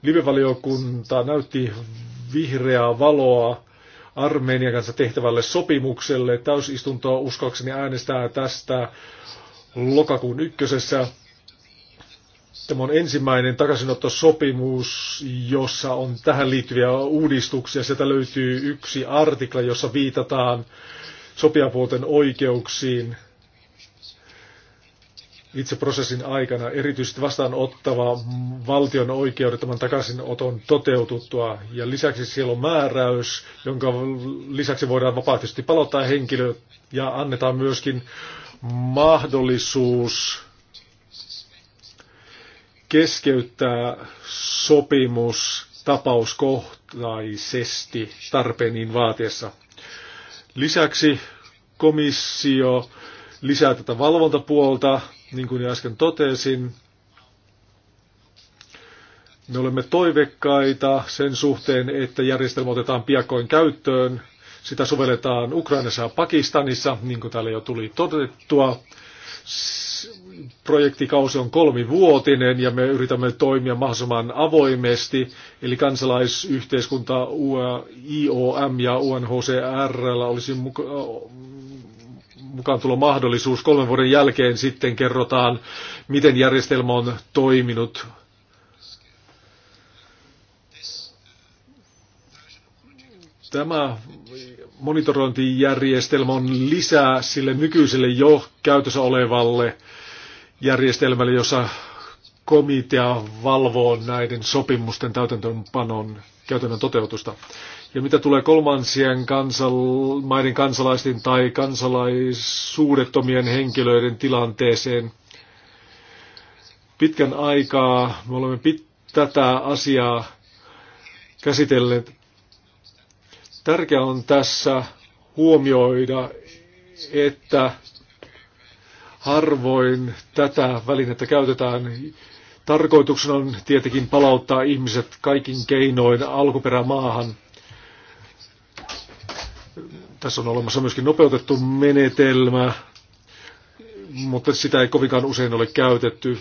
Live-valiokunta näytti vihreää valoa Armenian kanssa tehtävälle sopimukselle. Täysistuntoa uskoakseni äänestää tästä lokakuun ykkösessä. Tämä on ensimmäinen takaisinottosopimus, jossa on tähän liittyviä uudistuksia. Sieltä löytyy yksi artikla, jossa viitataan sopijapuolten oikeuksiin itse prosessin aikana, erityisesti vastaanottava valtion oikeudet tämän takaisinoton toteututtua. Ja lisäksi siellä on määräys, jonka lisäksi voidaan vapaaehtoisesti palauttaa henkilö ja annetaan myöskin mahdollisuus keskeyttää sopimus tapauskohtaisesti tarpeen niin vaatiessa. Lisäksi komissio lisää tätä valvontapuolta, niin kuin äsken totesin. Me olemme toivekkaita sen suhteen, että järjestelmä otetaan piakoin käyttöön. Sitä sovelletaan Ukrainassa ja Pakistanissa, niin kuin täällä jo tuli todettua projektikausi on kolmivuotinen ja me yritämme toimia mahdollisimman avoimesti, eli kansalaisyhteiskunta IOM ja UNHCR olisi muka, mukaan tulo mahdollisuus. Kolmen vuoden jälkeen sitten kerrotaan, miten järjestelmä on toiminut. Tämä monitorointijärjestelmä on lisää sille nykyiselle jo käytössä olevalle järjestelmälle, jossa komitea valvoo näiden sopimusten täytäntöönpanon käytännön toteutusta. Ja mitä tulee kolmansien kansal- maiden kansalaisten tai kansalaisuudettomien henkilöiden tilanteeseen, pitkän aikaa me olemme pit- tätä asiaa käsitelleet Tärkeää on tässä huomioida, että harvoin tätä välinettä käytetään. Tarkoituksena on tietenkin palauttaa ihmiset kaikin keinoin alkuperämaahan. Tässä on olemassa myöskin nopeutettu menetelmä, mutta sitä ei kovinkaan usein ole käytetty.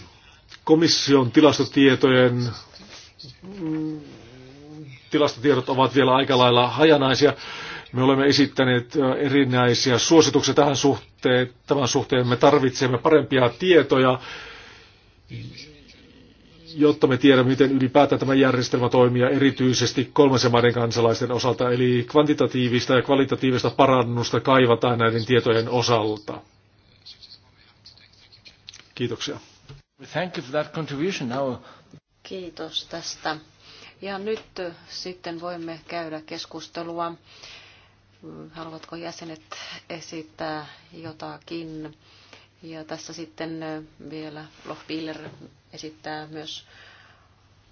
Komission tilastotietojen tilastotiedot ovat vielä aika lailla hajanaisia. Me olemme esittäneet erinäisiä suosituksia tähän suhteen. Tämän suhteen me tarvitsemme parempia tietoja, jotta me tiedämme, miten ylipäätään tämä järjestelmä toimii, erityisesti kolmansien maiden kansalaisten osalta. Eli kvantitatiivista ja kvalitatiivista parannusta kaivataan näiden tietojen osalta. Kiitoksia. Kiitos tästä ja nyt sitten voimme käydä keskustelua. Haluatko jäsenet esittää jotakin? Ja tässä sitten vielä Biller esittää myös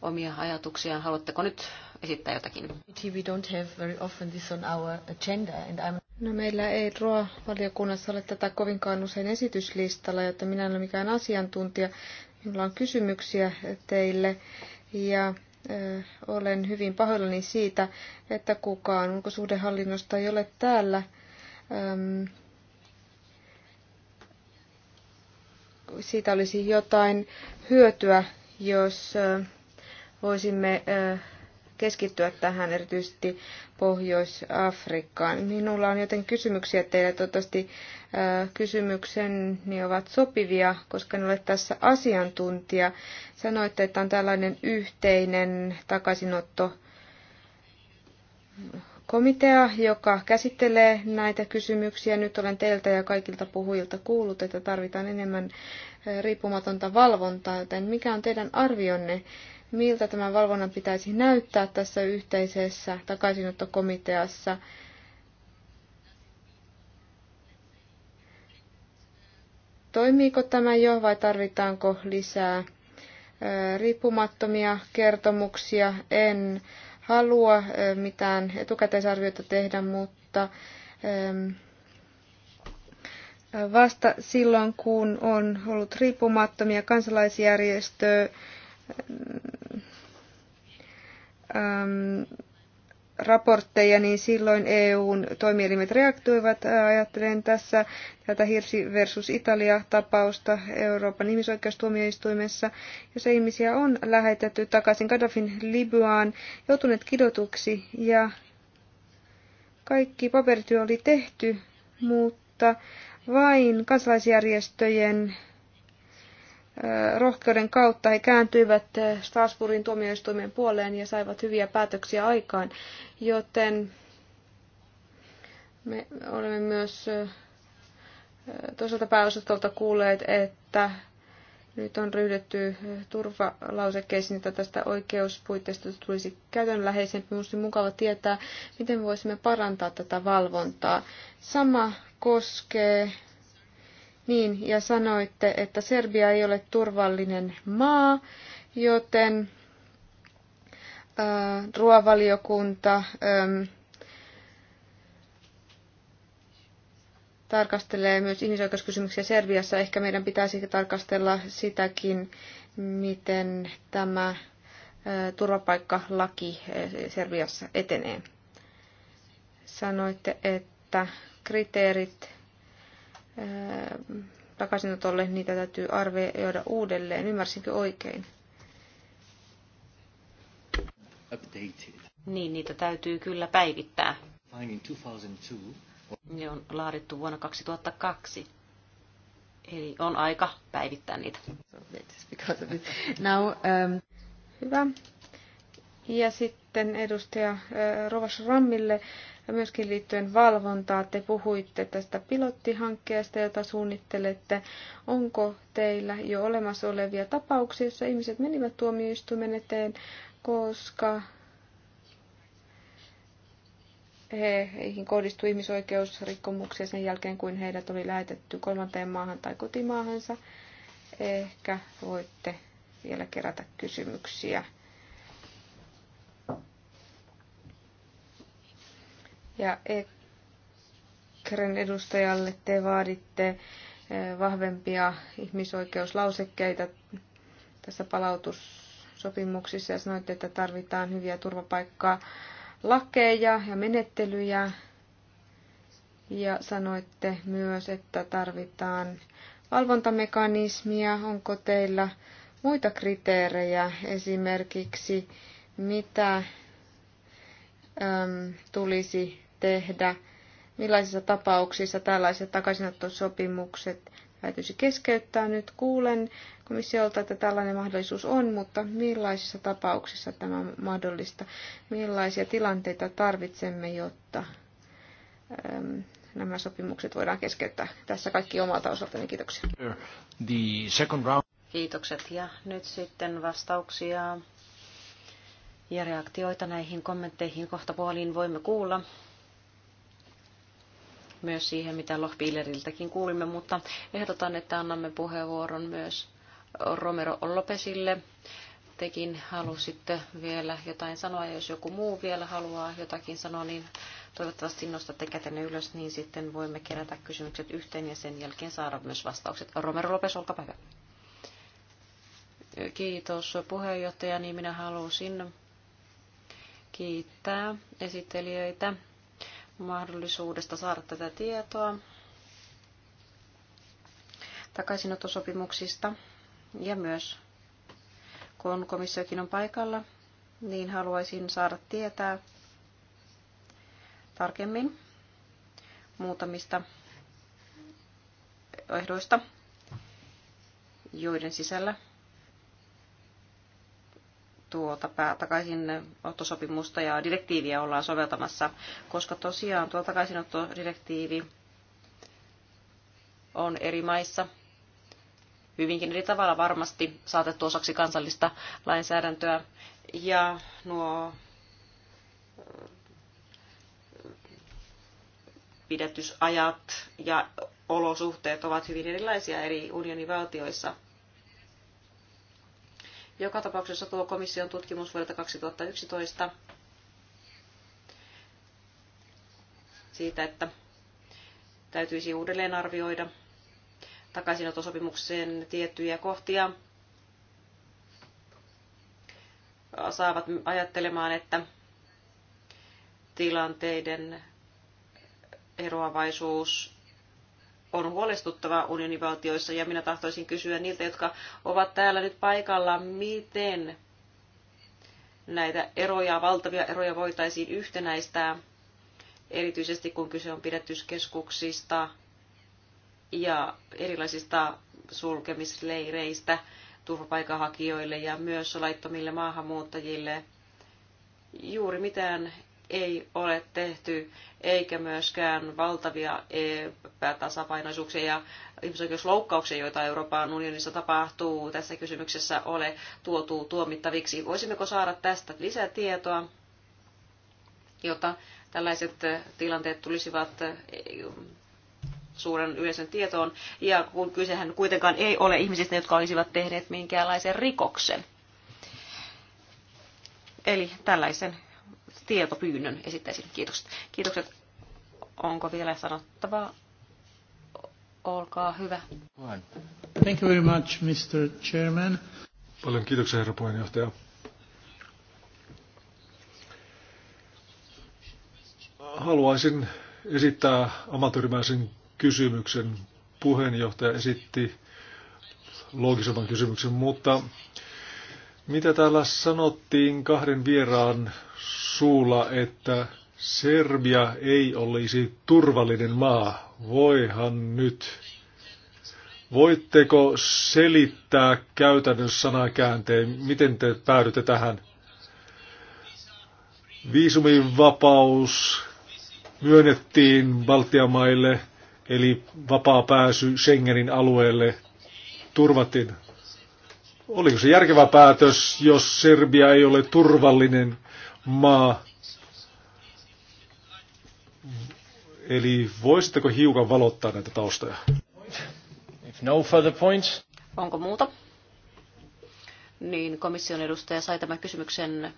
omia ajatuksiaan. Haluatteko nyt esittää jotakin? We don't have very often this on our agenda and I'm... No meillä ei ROA-valiokunnassa ole tätä kovinkaan usein esityslistalla, jotta minä en ole mikään asiantuntija. Minulla on kysymyksiä teille ja olen hyvin pahoillani siitä, että kukaan ulkosuhdehallinnosta ei ole täällä. Siitä olisi jotain hyötyä, jos voisimme keskittyä tähän, erityisesti Pohjois-Afrikkaan. Minulla on joten kysymyksiä teille. Toivottavasti kysymykseni ovat sopivia, koska en ole tässä asiantuntija. Sanoitte, että on tällainen yhteinen takaisinotto komitea, joka käsittelee näitä kysymyksiä. Nyt olen teiltä ja kaikilta puhujilta kuullut, että tarvitaan enemmän riippumatonta valvontaa, joten mikä on teidän arvionne miltä tämän valvonnan pitäisi näyttää tässä yhteisessä takaisinottokomiteassa. Toimiiko tämä jo vai tarvitaanko lisää riippumattomia kertomuksia? En halua mitään etukäteisarviota tehdä, mutta vasta silloin, kun on ollut riippumattomia kansalaisjärjestöjä, ähm, raportteja, niin silloin EUn toimielimet reaktoivat. Äh, ajattelen tässä tätä Hirsi versus Italia-tapausta Euroopan ihmisoikeustuomioistuimessa, jossa ihmisiä on lähetetty takaisin Gaddafin Libyaan, joutuneet kidotuksi ja kaikki paperityö oli tehty, mutta vain kansalaisjärjestöjen rohkeuden kautta he kääntyivät Strasbourgin tuomioistuimen puoleen ja saivat hyviä päätöksiä aikaan, joten me olemme myös toiselta pääosastolta kuulleet, että nyt on ryhdytty turvalausekkeisiin, että tästä oikeuspuitteista tulisi käytännönläheisempi. Minusta mukava tietää, miten voisimme parantaa tätä valvontaa. Sama koskee niin, ja sanoitte, että Serbia ei ole turvallinen maa, joten äh, ruovaliokunta ähm, tarkastelee myös ihmisoikeuskysymyksiä Serbiassa. Ehkä meidän pitäisi tarkastella sitäkin, miten tämä äh, turvapaikkalaki äh, Serbiassa etenee. Sanoitte, että kriteerit takaisinotolle, niitä täytyy arvioida uudelleen. Ymmärsinkö oikein? Updated. Niin, niitä täytyy kyllä päivittää. Ne on laadittu vuonna 2002. Eli on aika päivittää niitä. Now, um... Hyvä. Ja sitten edustaja Rovas Rammille ja myöskin liittyen valvontaa, te puhuitte tästä pilottihankkeesta, jota suunnittelette. Onko teillä jo olemassa olevia tapauksia, joissa ihmiset menivät tuomioistuimen eteen, koska he, heihin kohdistui ihmisoikeusrikkomuksia sen jälkeen, kun heidät oli lähetetty kolmanteen maahan tai kotimaahansa. Ehkä voitte vielä kerätä kysymyksiä Ja Ekren edustajalle te vaaditte eh, vahvempia ihmisoikeuslausekkeita tässä palautussopimuksissa ja sanoitte, että tarvitaan hyviä turvapaikkaa lakeja ja menettelyjä. Ja sanoitte myös, että tarvitaan valvontamekanismia. Onko teillä muita kriteerejä, esimerkiksi mitä äm, tulisi tehdä, millaisissa tapauksissa tällaiset takaisinottosopimukset täytyisi keskeyttää. Nyt kuulen komissiolta, että tällainen mahdollisuus on, mutta millaisissa tapauksissa tämä on mahdollista? Millaisia tilanteita tarvitsemme, jotta äm, nämä sopimukset voidaan keskeyttää? Tässä kaikki omalta osaltani. Kiitoksia. Kiitokset ja nyt sitten vastauksia ja reaktioita näihin kommentteihin kohta puoliin voimme kuulla myös siihen, mitä Lohpiileriltäkin kuulimme, mutta ehdotan, että annamme puheenvuoron myös Romero Lopesille. Tekin halusitte vielä jotain sanoa, ja jos joku muu vielä haluaa jotakin sanoa, niin toivottavasti nostatte kätenne ylös, niin sitten voimme kerätä kysymykset yhteen ja sen jälkeen saada myös vastaukset. Romero Lopes, olkaa hyvä. Kiitos puheenjohtaja, niin minä halusin kiittää esittelijöitä mahdollisuudesta saada tätä tietoa takaisinottosopimuksista ja myös kun komissiokin on paikalla, niin haluaisin saada tietää tarkemmin muutamista ehdoista, joiden sisällä tuota ottosopimusta ja direktiiviä ollaan soveltamassa, koska tosiaan tuo takaisinottodirektiivi on eri maissa hyvinkin eri tavalla varmasti saatettu osaksi kansallista lainsäädäntöä. Ja nuo äh, pidätysajat ja olosuhteet ovat hyvin erilaisia eri unionivaltioissa. Joka tapauksessa tuo komission tutkimus vuodelta 2011 siitä, että täytyisi uudelleen arvioida takaisinottosopimuksen tiettyjä kohtia saavat ajattelemaan, että tilanteiden eroavaisuus on huolestuttava unionivaltioissa ja minä tahtoisin kysyä niiltä, jotka ovat täällä nyt paikalla, miten näitä eroja, valtavia eroja voitaisiin yhtenäistää, erityisesti kun kyse on pidätyskeskuksista ja erilaisista sulkemisleireistä turvapaikanhakijoille ja myös laittomille maahanmuuttajille. Juuri mitään ei ole tehty, eikä myöskään valtavia epätasapainoisuuksia ja ihmisoikeusloukkauksia, joita Euroopan unionissa tapahtuu tässä kysymyksessä, ole tuotu tuomittaviksi. Voisimmeko saada tästä lisätietoa, jotta tällaiset tilanteet tulisivat suuren yleisön tietoon, ja kun kysehän kuitenkaan ei ole ihmisistä, jotka olisivat tehneet minkäänlaisen rikoksen. Eli tällaisen tietopyynnön esittäisin. Kiitokset. Kiitokset. Onko vielä sanottavaa? Olkaa hyvä. Thank you very much, Mr. Chairman. Paljon kiitoksia, herra puheenjohtaja. Haluaisin esittää amatöörimäisen kysymyksen. Puheenjohtaja esitti loogisemman kysymyksen, mutta mitä täällä sanottiin kahden vieraan suulla, että Serbia ei olisi turvallinen maa. Voihan nyt. Voitteko selittää käytännön sanakäänteen, miten te päädytte tähän? Viisumivapaus myönnettiin Baltiamaille, eli vapaa pääsy Schengenin alueelle turvattiin. Oliko se järkevä päätös, jos Serbia ei ole turvallinen maa. Eli voisitteko hiukan valottaa näitä taustoja? If no further points. Onko muuta? Niin, komission edustaja sai tämän kysymyksen.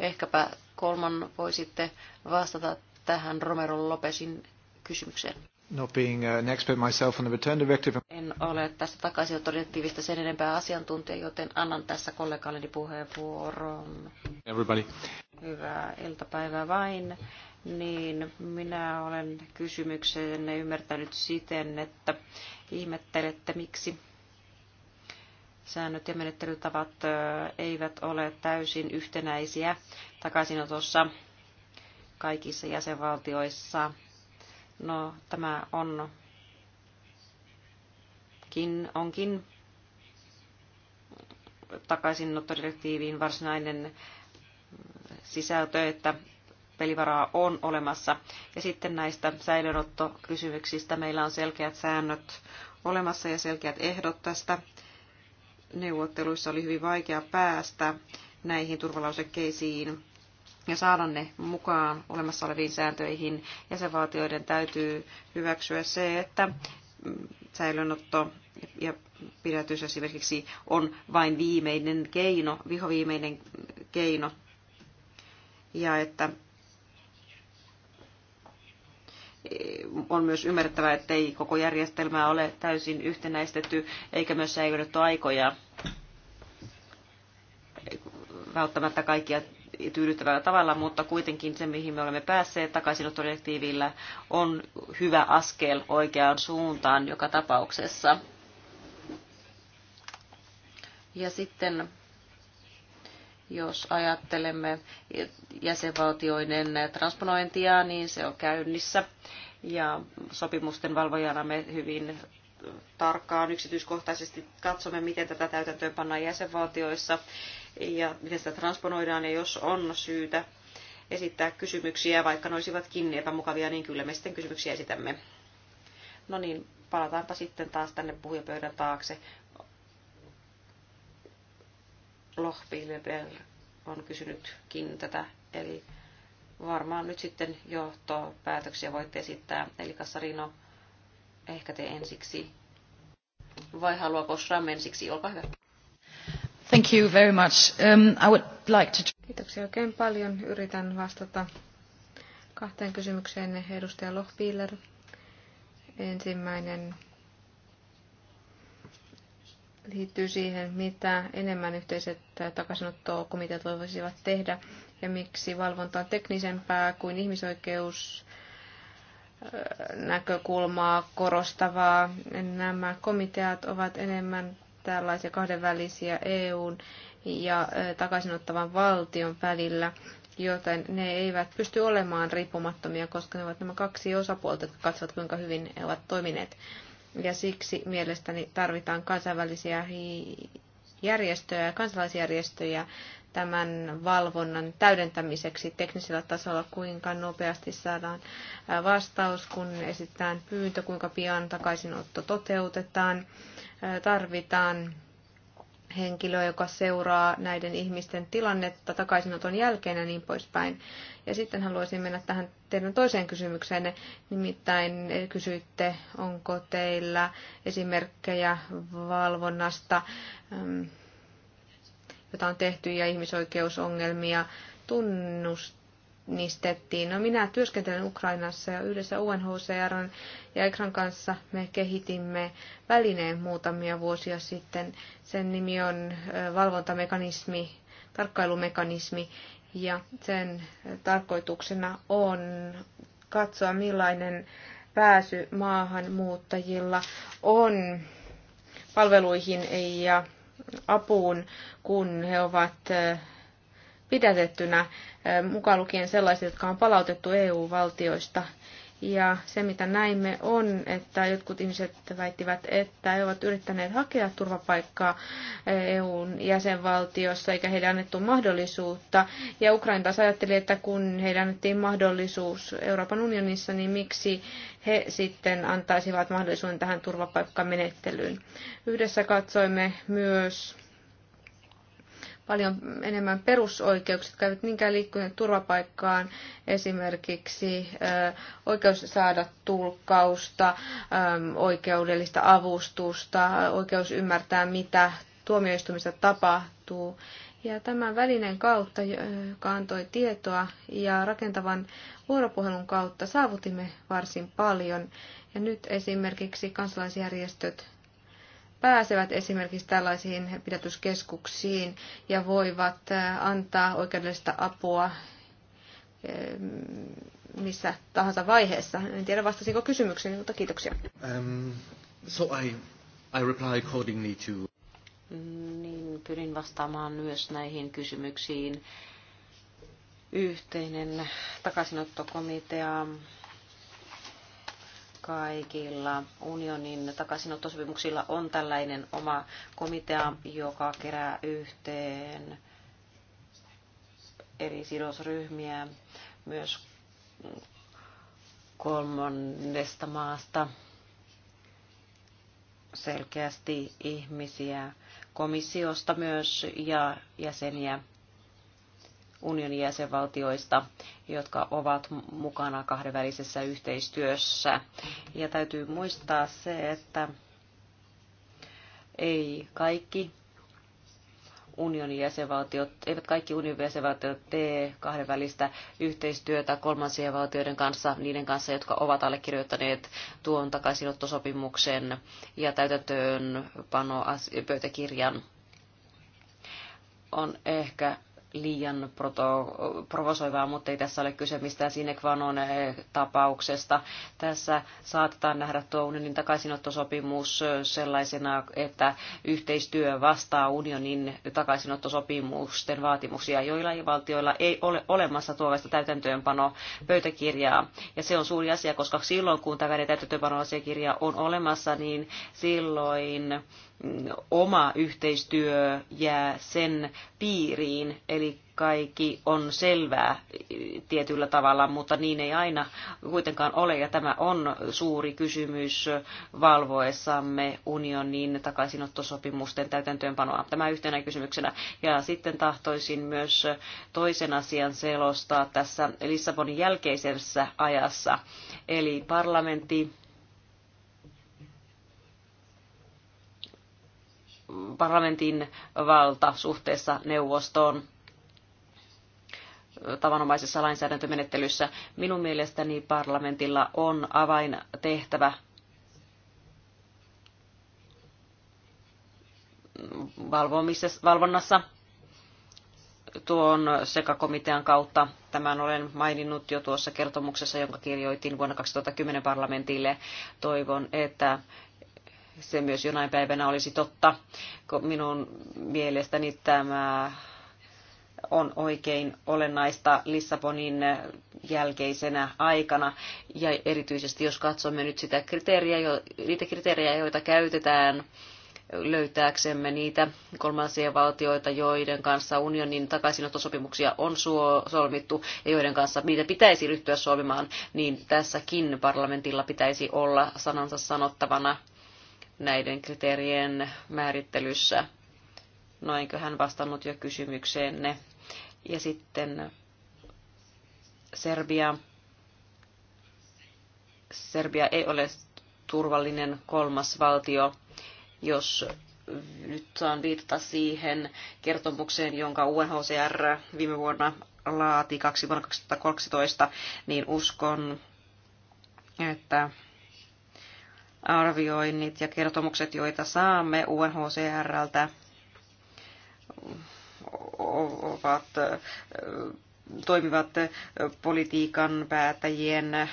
Ehkäpä kolman voisitte vastata tähän Romero Lopesin kysymykseen. Not being uh, an expert myself on the return directive. En ole tästä takaisinottodirektiivistä sen enempää asiantuntija, joten annan tässä kollegalleni puheenvuoron. Everybody. Hyvää iltapäivää vain. Niin minä olen kysymyksenne ymmärtänyt siten, että ihmettelette miksi säännöt ja menettelytavat eivät ole täysin yhtenäisiä takaisinotossa kaikissa jäsenvaltioissa. No, tämä on onkin, onkin takaisinottodirektiivin varsinainen sisältö, että pelivaraa on olemassa. Ja sitten näistä säilönottokysymyksistä meillä on selkeät säännöt olemassa ja selkeät ehdot tästä. Neuvotteluissa oli hyvin vaikea päästä näihin turvalausekkeisiin ja saada ne mukaan olemassa oleviin sääntöihin. Jäsenvaltioiden täytyy hyväksyä se, että säilönotto ja pidätys esimerkiksi on vain viimeinen keino, vihoviimeinen keino. Ja että eh, on myös ymmärrettävä, että ei koko järjestelmää ole täysin yhtenäistetty eikä myös säilytetty aikoja välttämättä kaikkia tyydyttävällä tavalla, mutta kuitenkin se, mihin me olemme päässeet takaisin on hyvä askel oikeaan suuntaan joka tapauksessa. Ja sitten jos ajattelemme jäsenvaltioiden transponointia, niin se on käynnissä. Ja sopimusten valvojana me hyvin tarkkaan yksityiskohtaisesti katsomme, miten tätä täytäntöön pannaan jäsenvaltioissa ja miten sitä transponoidaan. Ja jos on syytä esittää kysymyksiä, vaikka ne olisivatkin epämukavia, niin kyllä me sitten kysymyksiä esitämme. No niin, palataanpa sitten taas tänne puhujapöydän taakse Lohpilbel on kysynytkin tätä, eli varmaan nyt sitten johtopäätöksiä voitte esittää. Eli Kassarino, ehkä te ensiksi, vai haluaako Sram ensiksi, olkaa hyvä. Thank you very much. Um, I would like to... Kiitoksia oikein paljon. Yritän vastata kahteen kysymykseen edustaja Lohpiiler. Ensimmäinen liittyy siihen, mitä enemmän yhteiset takaisinottokomiteat voisivat tehdä ja miksi valvonta on teknisempää kuin ihmisoikeus äh, näkökulmaa korostavaa. Nämä komiteat ovat enemmän tällaisia kahdenvälisiä EUn ja äh, takaisinottavan valtion välillä, joten ne eivät pysty olemaan riippumattomia, koska ne ovat nämä kaksi osapuolta, jotka katsovat kuinka hyvin ne ovat toimineet. Ja siksi mielestäni tarvitaan kansainvälisiä järjestöjä ja kansalaisjärjestöjä tämän valvonnan täydentämiseksi teknisellä tasolla, kuinka nopeasti saadaan vastaus, kun esitetään pyyntö, kuinka pian takaisinotto toteutetaan. Tarvitaan henkilö, joka seuraa näiden ihmisten tilannetta takaisinoton jälkeen ja niin poispäin. Ja sitten haluaisin mennä tähän teidän toiseen kysymykseen, nimittäin kysyitte, onko teillä esimerkkejä valvonnasta, ähm, jota on tehty ja ihmisoikeusongelmia tunnustettu? käynnistettiin. No minä työskentelen Ukrainassa ja yhdessä UNHCR ja Ekran kanssa me kehitimme välineen muutamia vuosia sitten. Sen nimi on valvontamekanismi, tarkkailumekanismi ja sen tarkoituksena on katsoa millainen pääsy maahanmuuttajilla on palveluihin ja apuun, kun he ovat pidätettynä, mukaan lukien sellaiset, jotka on palautettu EU-valtioista. Ja se, mitä näimme, on, että jotkut ihmiset väittivät, että he ovat yrittäneet hakea turvapaikkaa EUn jäsenvaltiossa, eikä heille annettu mahdollisuutta. Ja Ukraina taas ajatteli, että kun heille annettiin mahdollisuus Euroopan unionissa, niin miksi he sitten antaisivat mahdollisuuden tähän turvapaikkamenettelyyn. Yhdessä katsoimme myös paljon enemmän perusoikeukset, jotka eivät niinkään liikkuneet turvapaikkaan, esimerkiksi oikeus saada tulkkausta, oikeudellista avustusta, oikeus ymmärtää, mitä tuomioistumista tapahtuu. Ja tämän välineen kautta, joka antoi tietoa ja rakentavan vuoropuhelun kautta saavutimme varsin paljon. Ja nyt esimerkiksi kansalaisjärjestöt pääsevät esimerkiksi tällaisiin pidätyskeskuksiin ja voivat antaa oikeudellista apua missä tahansa vaiheessa. En tiedä vastasinko kysymykseen, mutta kiitoksia. Um, so I, I reply accordingly to... Niin, pyrin vastaamaan myös näihin kysymyksiin. Yhteinen takaisinottokomitea kaikilla unionin takaisinottosopimuksilla on tällainen oma komitea, joka kerää yhteen eri sidosryhmiä myös kolmannesta maasta selkeästi ihmisiä komissiosta myös ja jäseniä unionin jäsenvaltioista, jotka ovat mukana kahdenvälisessä yhteistyössä. Ja täytyy muistaa se, että ei kaikki unionin jäsenvaltiot, eivät kaikki unionin jäsenvaltiot tee kahdenvälistä yhteistyötä kolmansien valtioiden kanssa, niiden kanssa, jotka ovat allekirjoittaneet tuon takaisinottosopimuksen ja pano pöytäkirjan. On ehkä liian proto- provosoivaa, mutta ei tässä ole kyse mistään sine qua non eh, tapauksesta. Tässä saatetaan nähdä tuo unionin takaisinottosopimus eh, sellaisena, että yhteistyö vastaa unionin takaisinottosopimusten vaatimuksia, joilla ei valtioilla ei ole olemassa tuollaista täytäntöönpano pöytäkirjaa. Ja se on suuri asia, koska silloin kun tällainen asiakirja on olemassa, niin silloin oma yhteistyö jää sen piiriin, eli kaikki on selvää tietyllä tavalla, mutta niin ei aina kuitenkaan ole, ja tämä on suuri kysymys valvoessamme unionin takaisinottosopimusten täytäntöönpanoa. Tämä yhtenä kysymyksenä. Ja sitten tahtoisin myös toisen asian selostaa tässä Lissabonin jälkeisessä ajassa, eli parlamentti parlamentin valta suhteessa neuvostoon tavanomaisessa lainsäädäntömenettelyssä. Minun mielestäni parlamentilla on avaintehtävä valvonnassa tuon sekakomitean kautta. Tämän olen maininnut jo tuossa kertomuksessa, jonka kirjoitin vuonna 2010 parlamentille. Toivon, että se myös jonain päivänä olisi totta. Minun mielestäni tämä on oikein olennaista Lissabonin jälkeisenä aikana. Ja erityisesti jos katsomme nyt sitä kriteeriä, niitä kriteerejä, joita käytetään löytääksemme niitä kolmansia valtioita, joiden kanssa unionin takaisinottosopimuksia on suo, solmittu ja joiden kanssa niitä pitäisi ryhtyä solmimaan, niin tässäkin parlamentilla pitäisi olla sanansa sanottavana näiden kriteerien määrittelyssä. Noinkö hän vastannut jo kysymykseenne? Ja sitten Serbia. Serbia ei ole turvallinen kolmas valtio, jos nyt saan viitata siihen kertomukseen, jonka UNHCR viime vuonna laati kaksi vuonna 2013, niin uskon, että arvioinnit ja kertomukset, joita saamme UNHCRltä, ovat toimivat politiikan päättäjien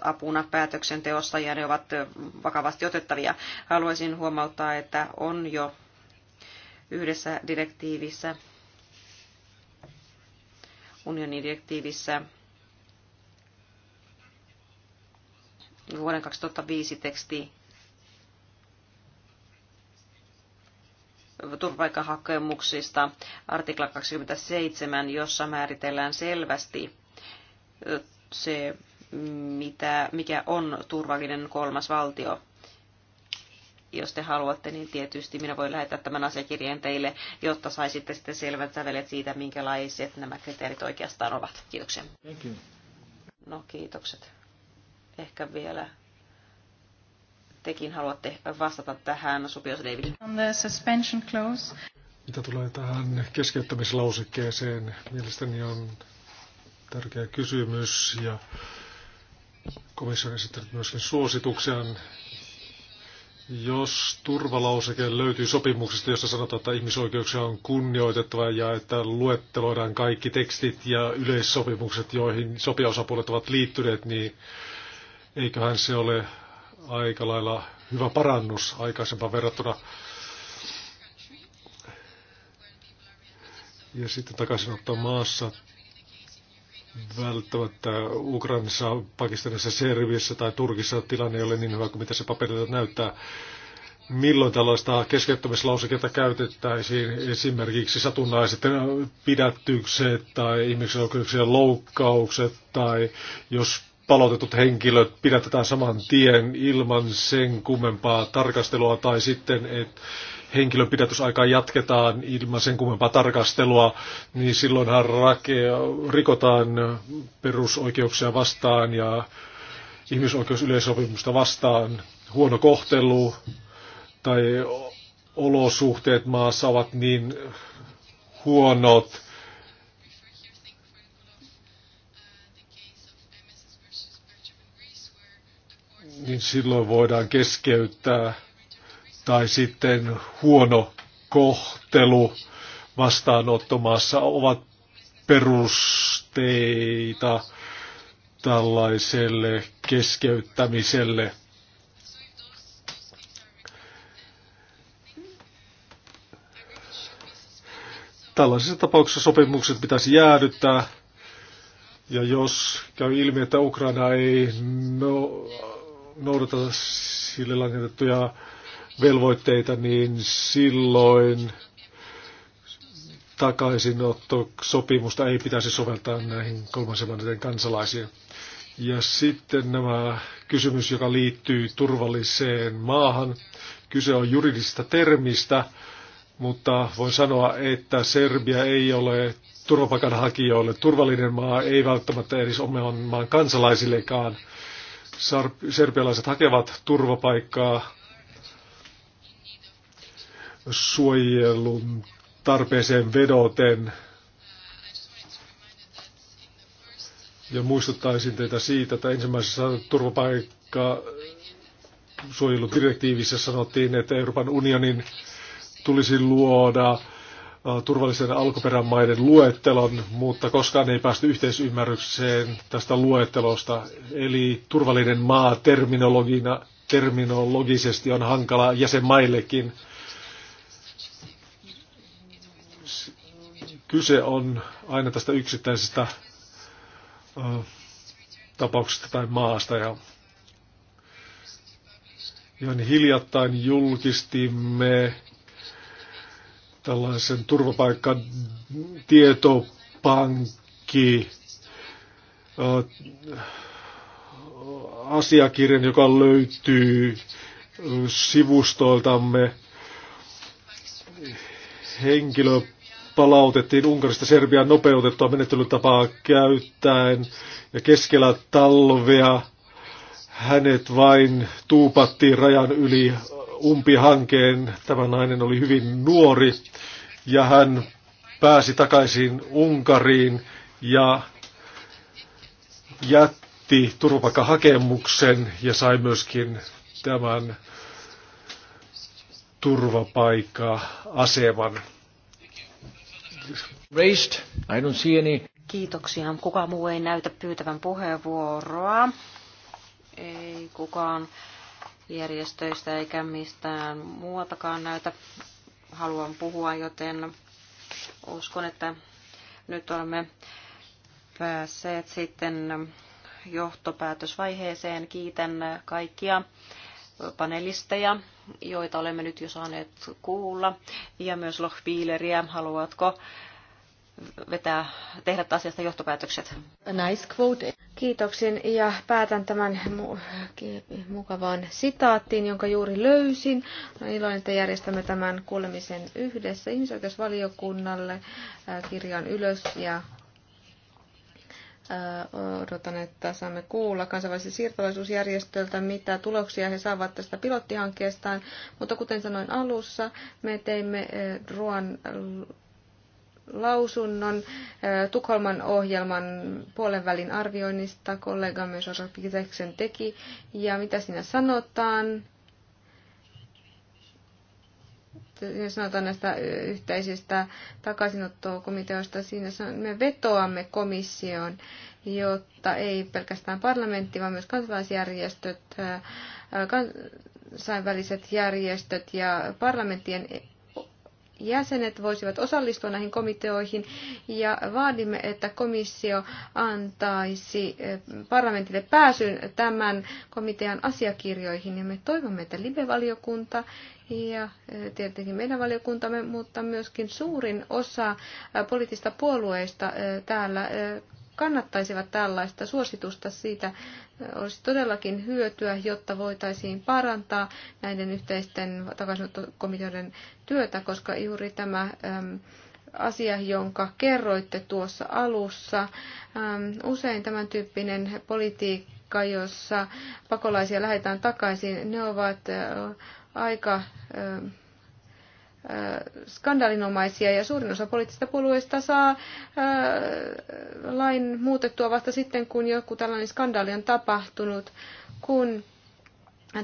apuna päätöksenteossa ja ne ovat vakavasti otettavia. Haluaisin huomauttaa, että on jo yhdessä direktiivissä, unionin direktiivissä vuoden 2005 teksti turvapaikkahakemuksista, artikla 27, jossa määritellään selvästi se, mitä, mikä on turvallinen kolmas valtio. Jos te haluatte, niin tietysti minä voin lähettää tämän asiakirjan teille, jotta saisitte sitten selvät sävelet siitä, minkälaiset nämä kriteerit oikeastaan ovat. Kiitoksia. Thank you. No, kiitokset. Ehkä vielä tekin haluatte vastata tähän, Supios David. On the suspension clause. Mitä tulee tähän keskeyttämislausekkeeseen, mielestäni on tärkeä kysymys ja komissio on esittänyt myöskin suosituksen. Jos turvalauseke löytyy sopimuksesta, jossa sanotaan, että ihmisoikeuksia on kunnioitettava ja että luetteloidaan kaikki tekstit ja yleissopimukset, joihin sopijaosapuolet ovat liittyneet, niin Eiköhän se ole aika lailla hyvä parannus aikaisempaan verrattuna. Ja sitten takaisin ottaa maassa välttämättä Ukrainassa, Pakistanissa, serviassa tai Turkissa tilanne ei ole niin hyvä kuin mitä se paperilta näyttää. Milloin tällaista keskeyttämislauseketta käytettäisiin esimerkiksi satunnaiset pidättykset tai ihmisoikeuksien loukkaukset tai jos palautetut henkilöt pidätetään saman tien ilman sen kummempaa tarkastelua tai sitten, että henkilön pidätysaikaa jatketaan ilman sen kummempaa tarkastelua, niin silloinhan rake, rikotaan perusoikeuksia vastaan ja ihmisoikeusyleisopimusta vastaan. Huono kohtelu tai olosuhteet maassa ovat niin huonot, niin silloin voidaan keskeyttää tai sitten huono kohtelu vastaanottomaassa ovat perusteita tällaiselle keskeyttämiselle. Tällaisissa tapauksissa sopimukset pitäisi jäädyttää. Ja jos käy ilmi, että Ukraina ei no, noudata sille langetettuja velvoitteita, niin silloin takaisinotto sopimusta ei pitäisi soveltaa näihin kolmansien kansalaisiin. Ja sitten nämä kysymys, joka liittyy turvalliseen maahan. Kyse on juridista termistä, mutta voin sanoa, että Serbia ei ole turvapaikanhakijoille turvallinen maa, ei välttämättä edes oman maan kansalaisillekaan serbialaiset hakevat turvapaikkaa suojelun tarpeeseen vedoten. Ja muistuttaisin teitä siitä, että ensimmäisessä turvapaikka suojeludirektiivissä sanottiin, että Euroopan unionin tulisi luoda Äh, turvallisen alkuperämaiden luettelon, mutta koskaan ei päästy yhteisymmärrykseen tästä luettelosta. Eli turvallinen maa terminologina, terminologisesti on hankala jäsenmaillekin. Kyse on aina tästä yksittäisestä äh, tapauksesta tai maasta. Ja ihan hiljattain julkistimme tällaisen turvapaikan tietopankki äh, asiakirjan, joka löytyy äh, sivustoiltamme. Henkilö palautettiin Unkarista Serbiaan nopeutettua menettelytapaa käyttäen ja keskellä talvea hänet vain tuupattiin rajan yli umpihankeen. Tämä nainen oli hyvin nuori ja hän pääsi takaisin Unkariin ja jätti turvapaikkahakemuksen ja sai myöskin tämän turvapaikka-aseman. Raised. I don't see any. Kiitoksia. Kuka muu ei näytä pyytävän puheenvuoroa. Ei kukaan järjestöistä eikä mistään muutakaan näitä haluan puhua, joten uskon, että nyt olemme päässeet sitten johtopäätösvaiheeseen. Kiitän kaikkia panelisteja, joita olemme nyt jo saaneet kuulla, ja myös Lohpiileriä. Haluatko vetää, tehdä asiasta johtopäätökset? A nice quote, kiitoksin ja päätän tämän mukavaan sitaattiin, jonka juuri löysin. Olen iloinen, että järjestämme tämän kuulemisen yhdessä ihmisoikeusvaliokunnalle. Äh, Kirjan ylös ja äh, odotan, että saamme kuulla kansainvälisen siirtolaisuusjärjestöltä, mitä tuloksia he saavat tästä pilottihankkeestaan. Mutta kuten sanoin alussa, me teimme äh, Ruan lausunnon äh, Tukholman ohjelman puolenvälin arvioinnista. Kollegamme myös Piteksen teki. Ja mitä siinä sanotaan? sanotaan näistä yhteisistä takaisinottokomiteoista. Siinä me vetoamme komissioon, jotta ei pelkästään parlamentti, vaan myös kansalaisjärjestöt, äh, kansainväliset järjestöt ja parlamenttien jäsenet voisivat osallistua näihin komiteoihin ja vaadimme, että komissio antaisi eh, parlamentille pääsyn tämän komitean asiakirjoihin ja me toivomme, että live-valiokunta ja eh, tietenkin meidän valiokuntamme, mutta myöskin suurin osa eh, poliittista puolueista täällä kannattaisivat tällaista suositusta. Siitä olisi todellakin hyötyä, jotta voitaisiin parantaa näiden yhteisten takaisinottokomiteoiden työtä, koska juuri tämä asia, jonka kerroitte tuossa alussa. Usein tämän tyyppinen politiikka, jossa pakolaisia lähetään takaisin, ne ovat aika Äh, skandalinomaisia ja suurin osa poliittisista puolueista saa ää, äh, lain muutettua vasta sitten, kun joku tällainen skandaali on tapahtunut, kun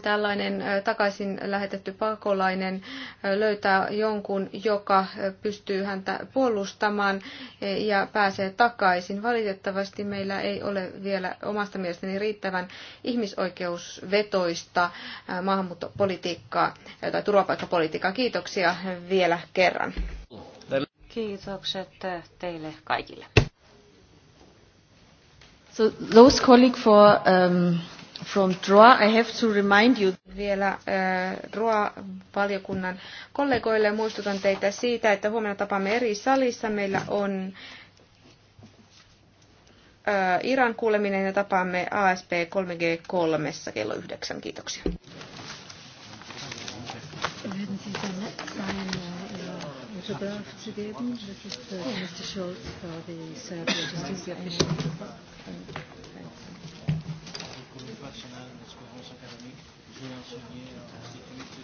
tällainen takaisin lähetetty pakolainen löytää jonkun, joka pystyy häntä puolustamaan e, ja pääsee takaisin. Valitettavasti meillä ei ole vielä omasta mielestäni riittävän ihmisoikeusvetoista maahanmuuttopolitiikkaa tai turvapaikkapolitiikkaa. Kiitoksia vielä kerran. Kiitokset teille kaikille. So those colleagues for um, from DROA. I have to remind you vielä äh, DROA-valiokunnan kollegoille. Muistutan teitä siitä, että huomenna tapaamme eri salissa. Meillä on äh, Iran kuuleminen ja tapaamme ASP 3G3 kello 9. Kiitoksia. Würden Sie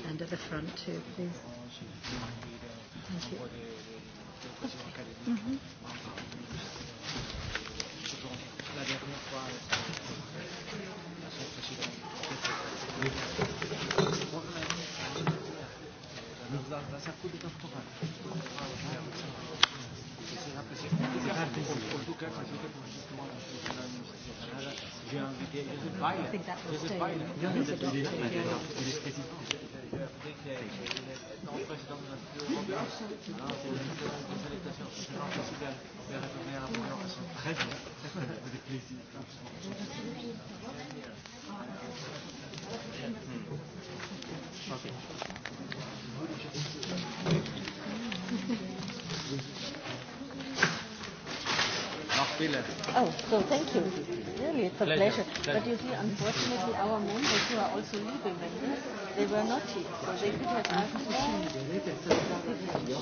And at the front too, please. Thank you. Mm-hmm. Oh, so thank you really, it's a pleasure. pleasure. pleasure. But you see, unfortunately, our members who are also leaving members, they were not here, so they could have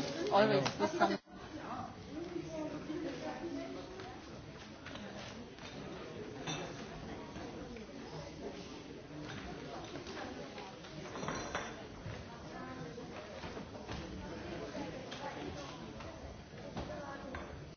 asked. Always for some.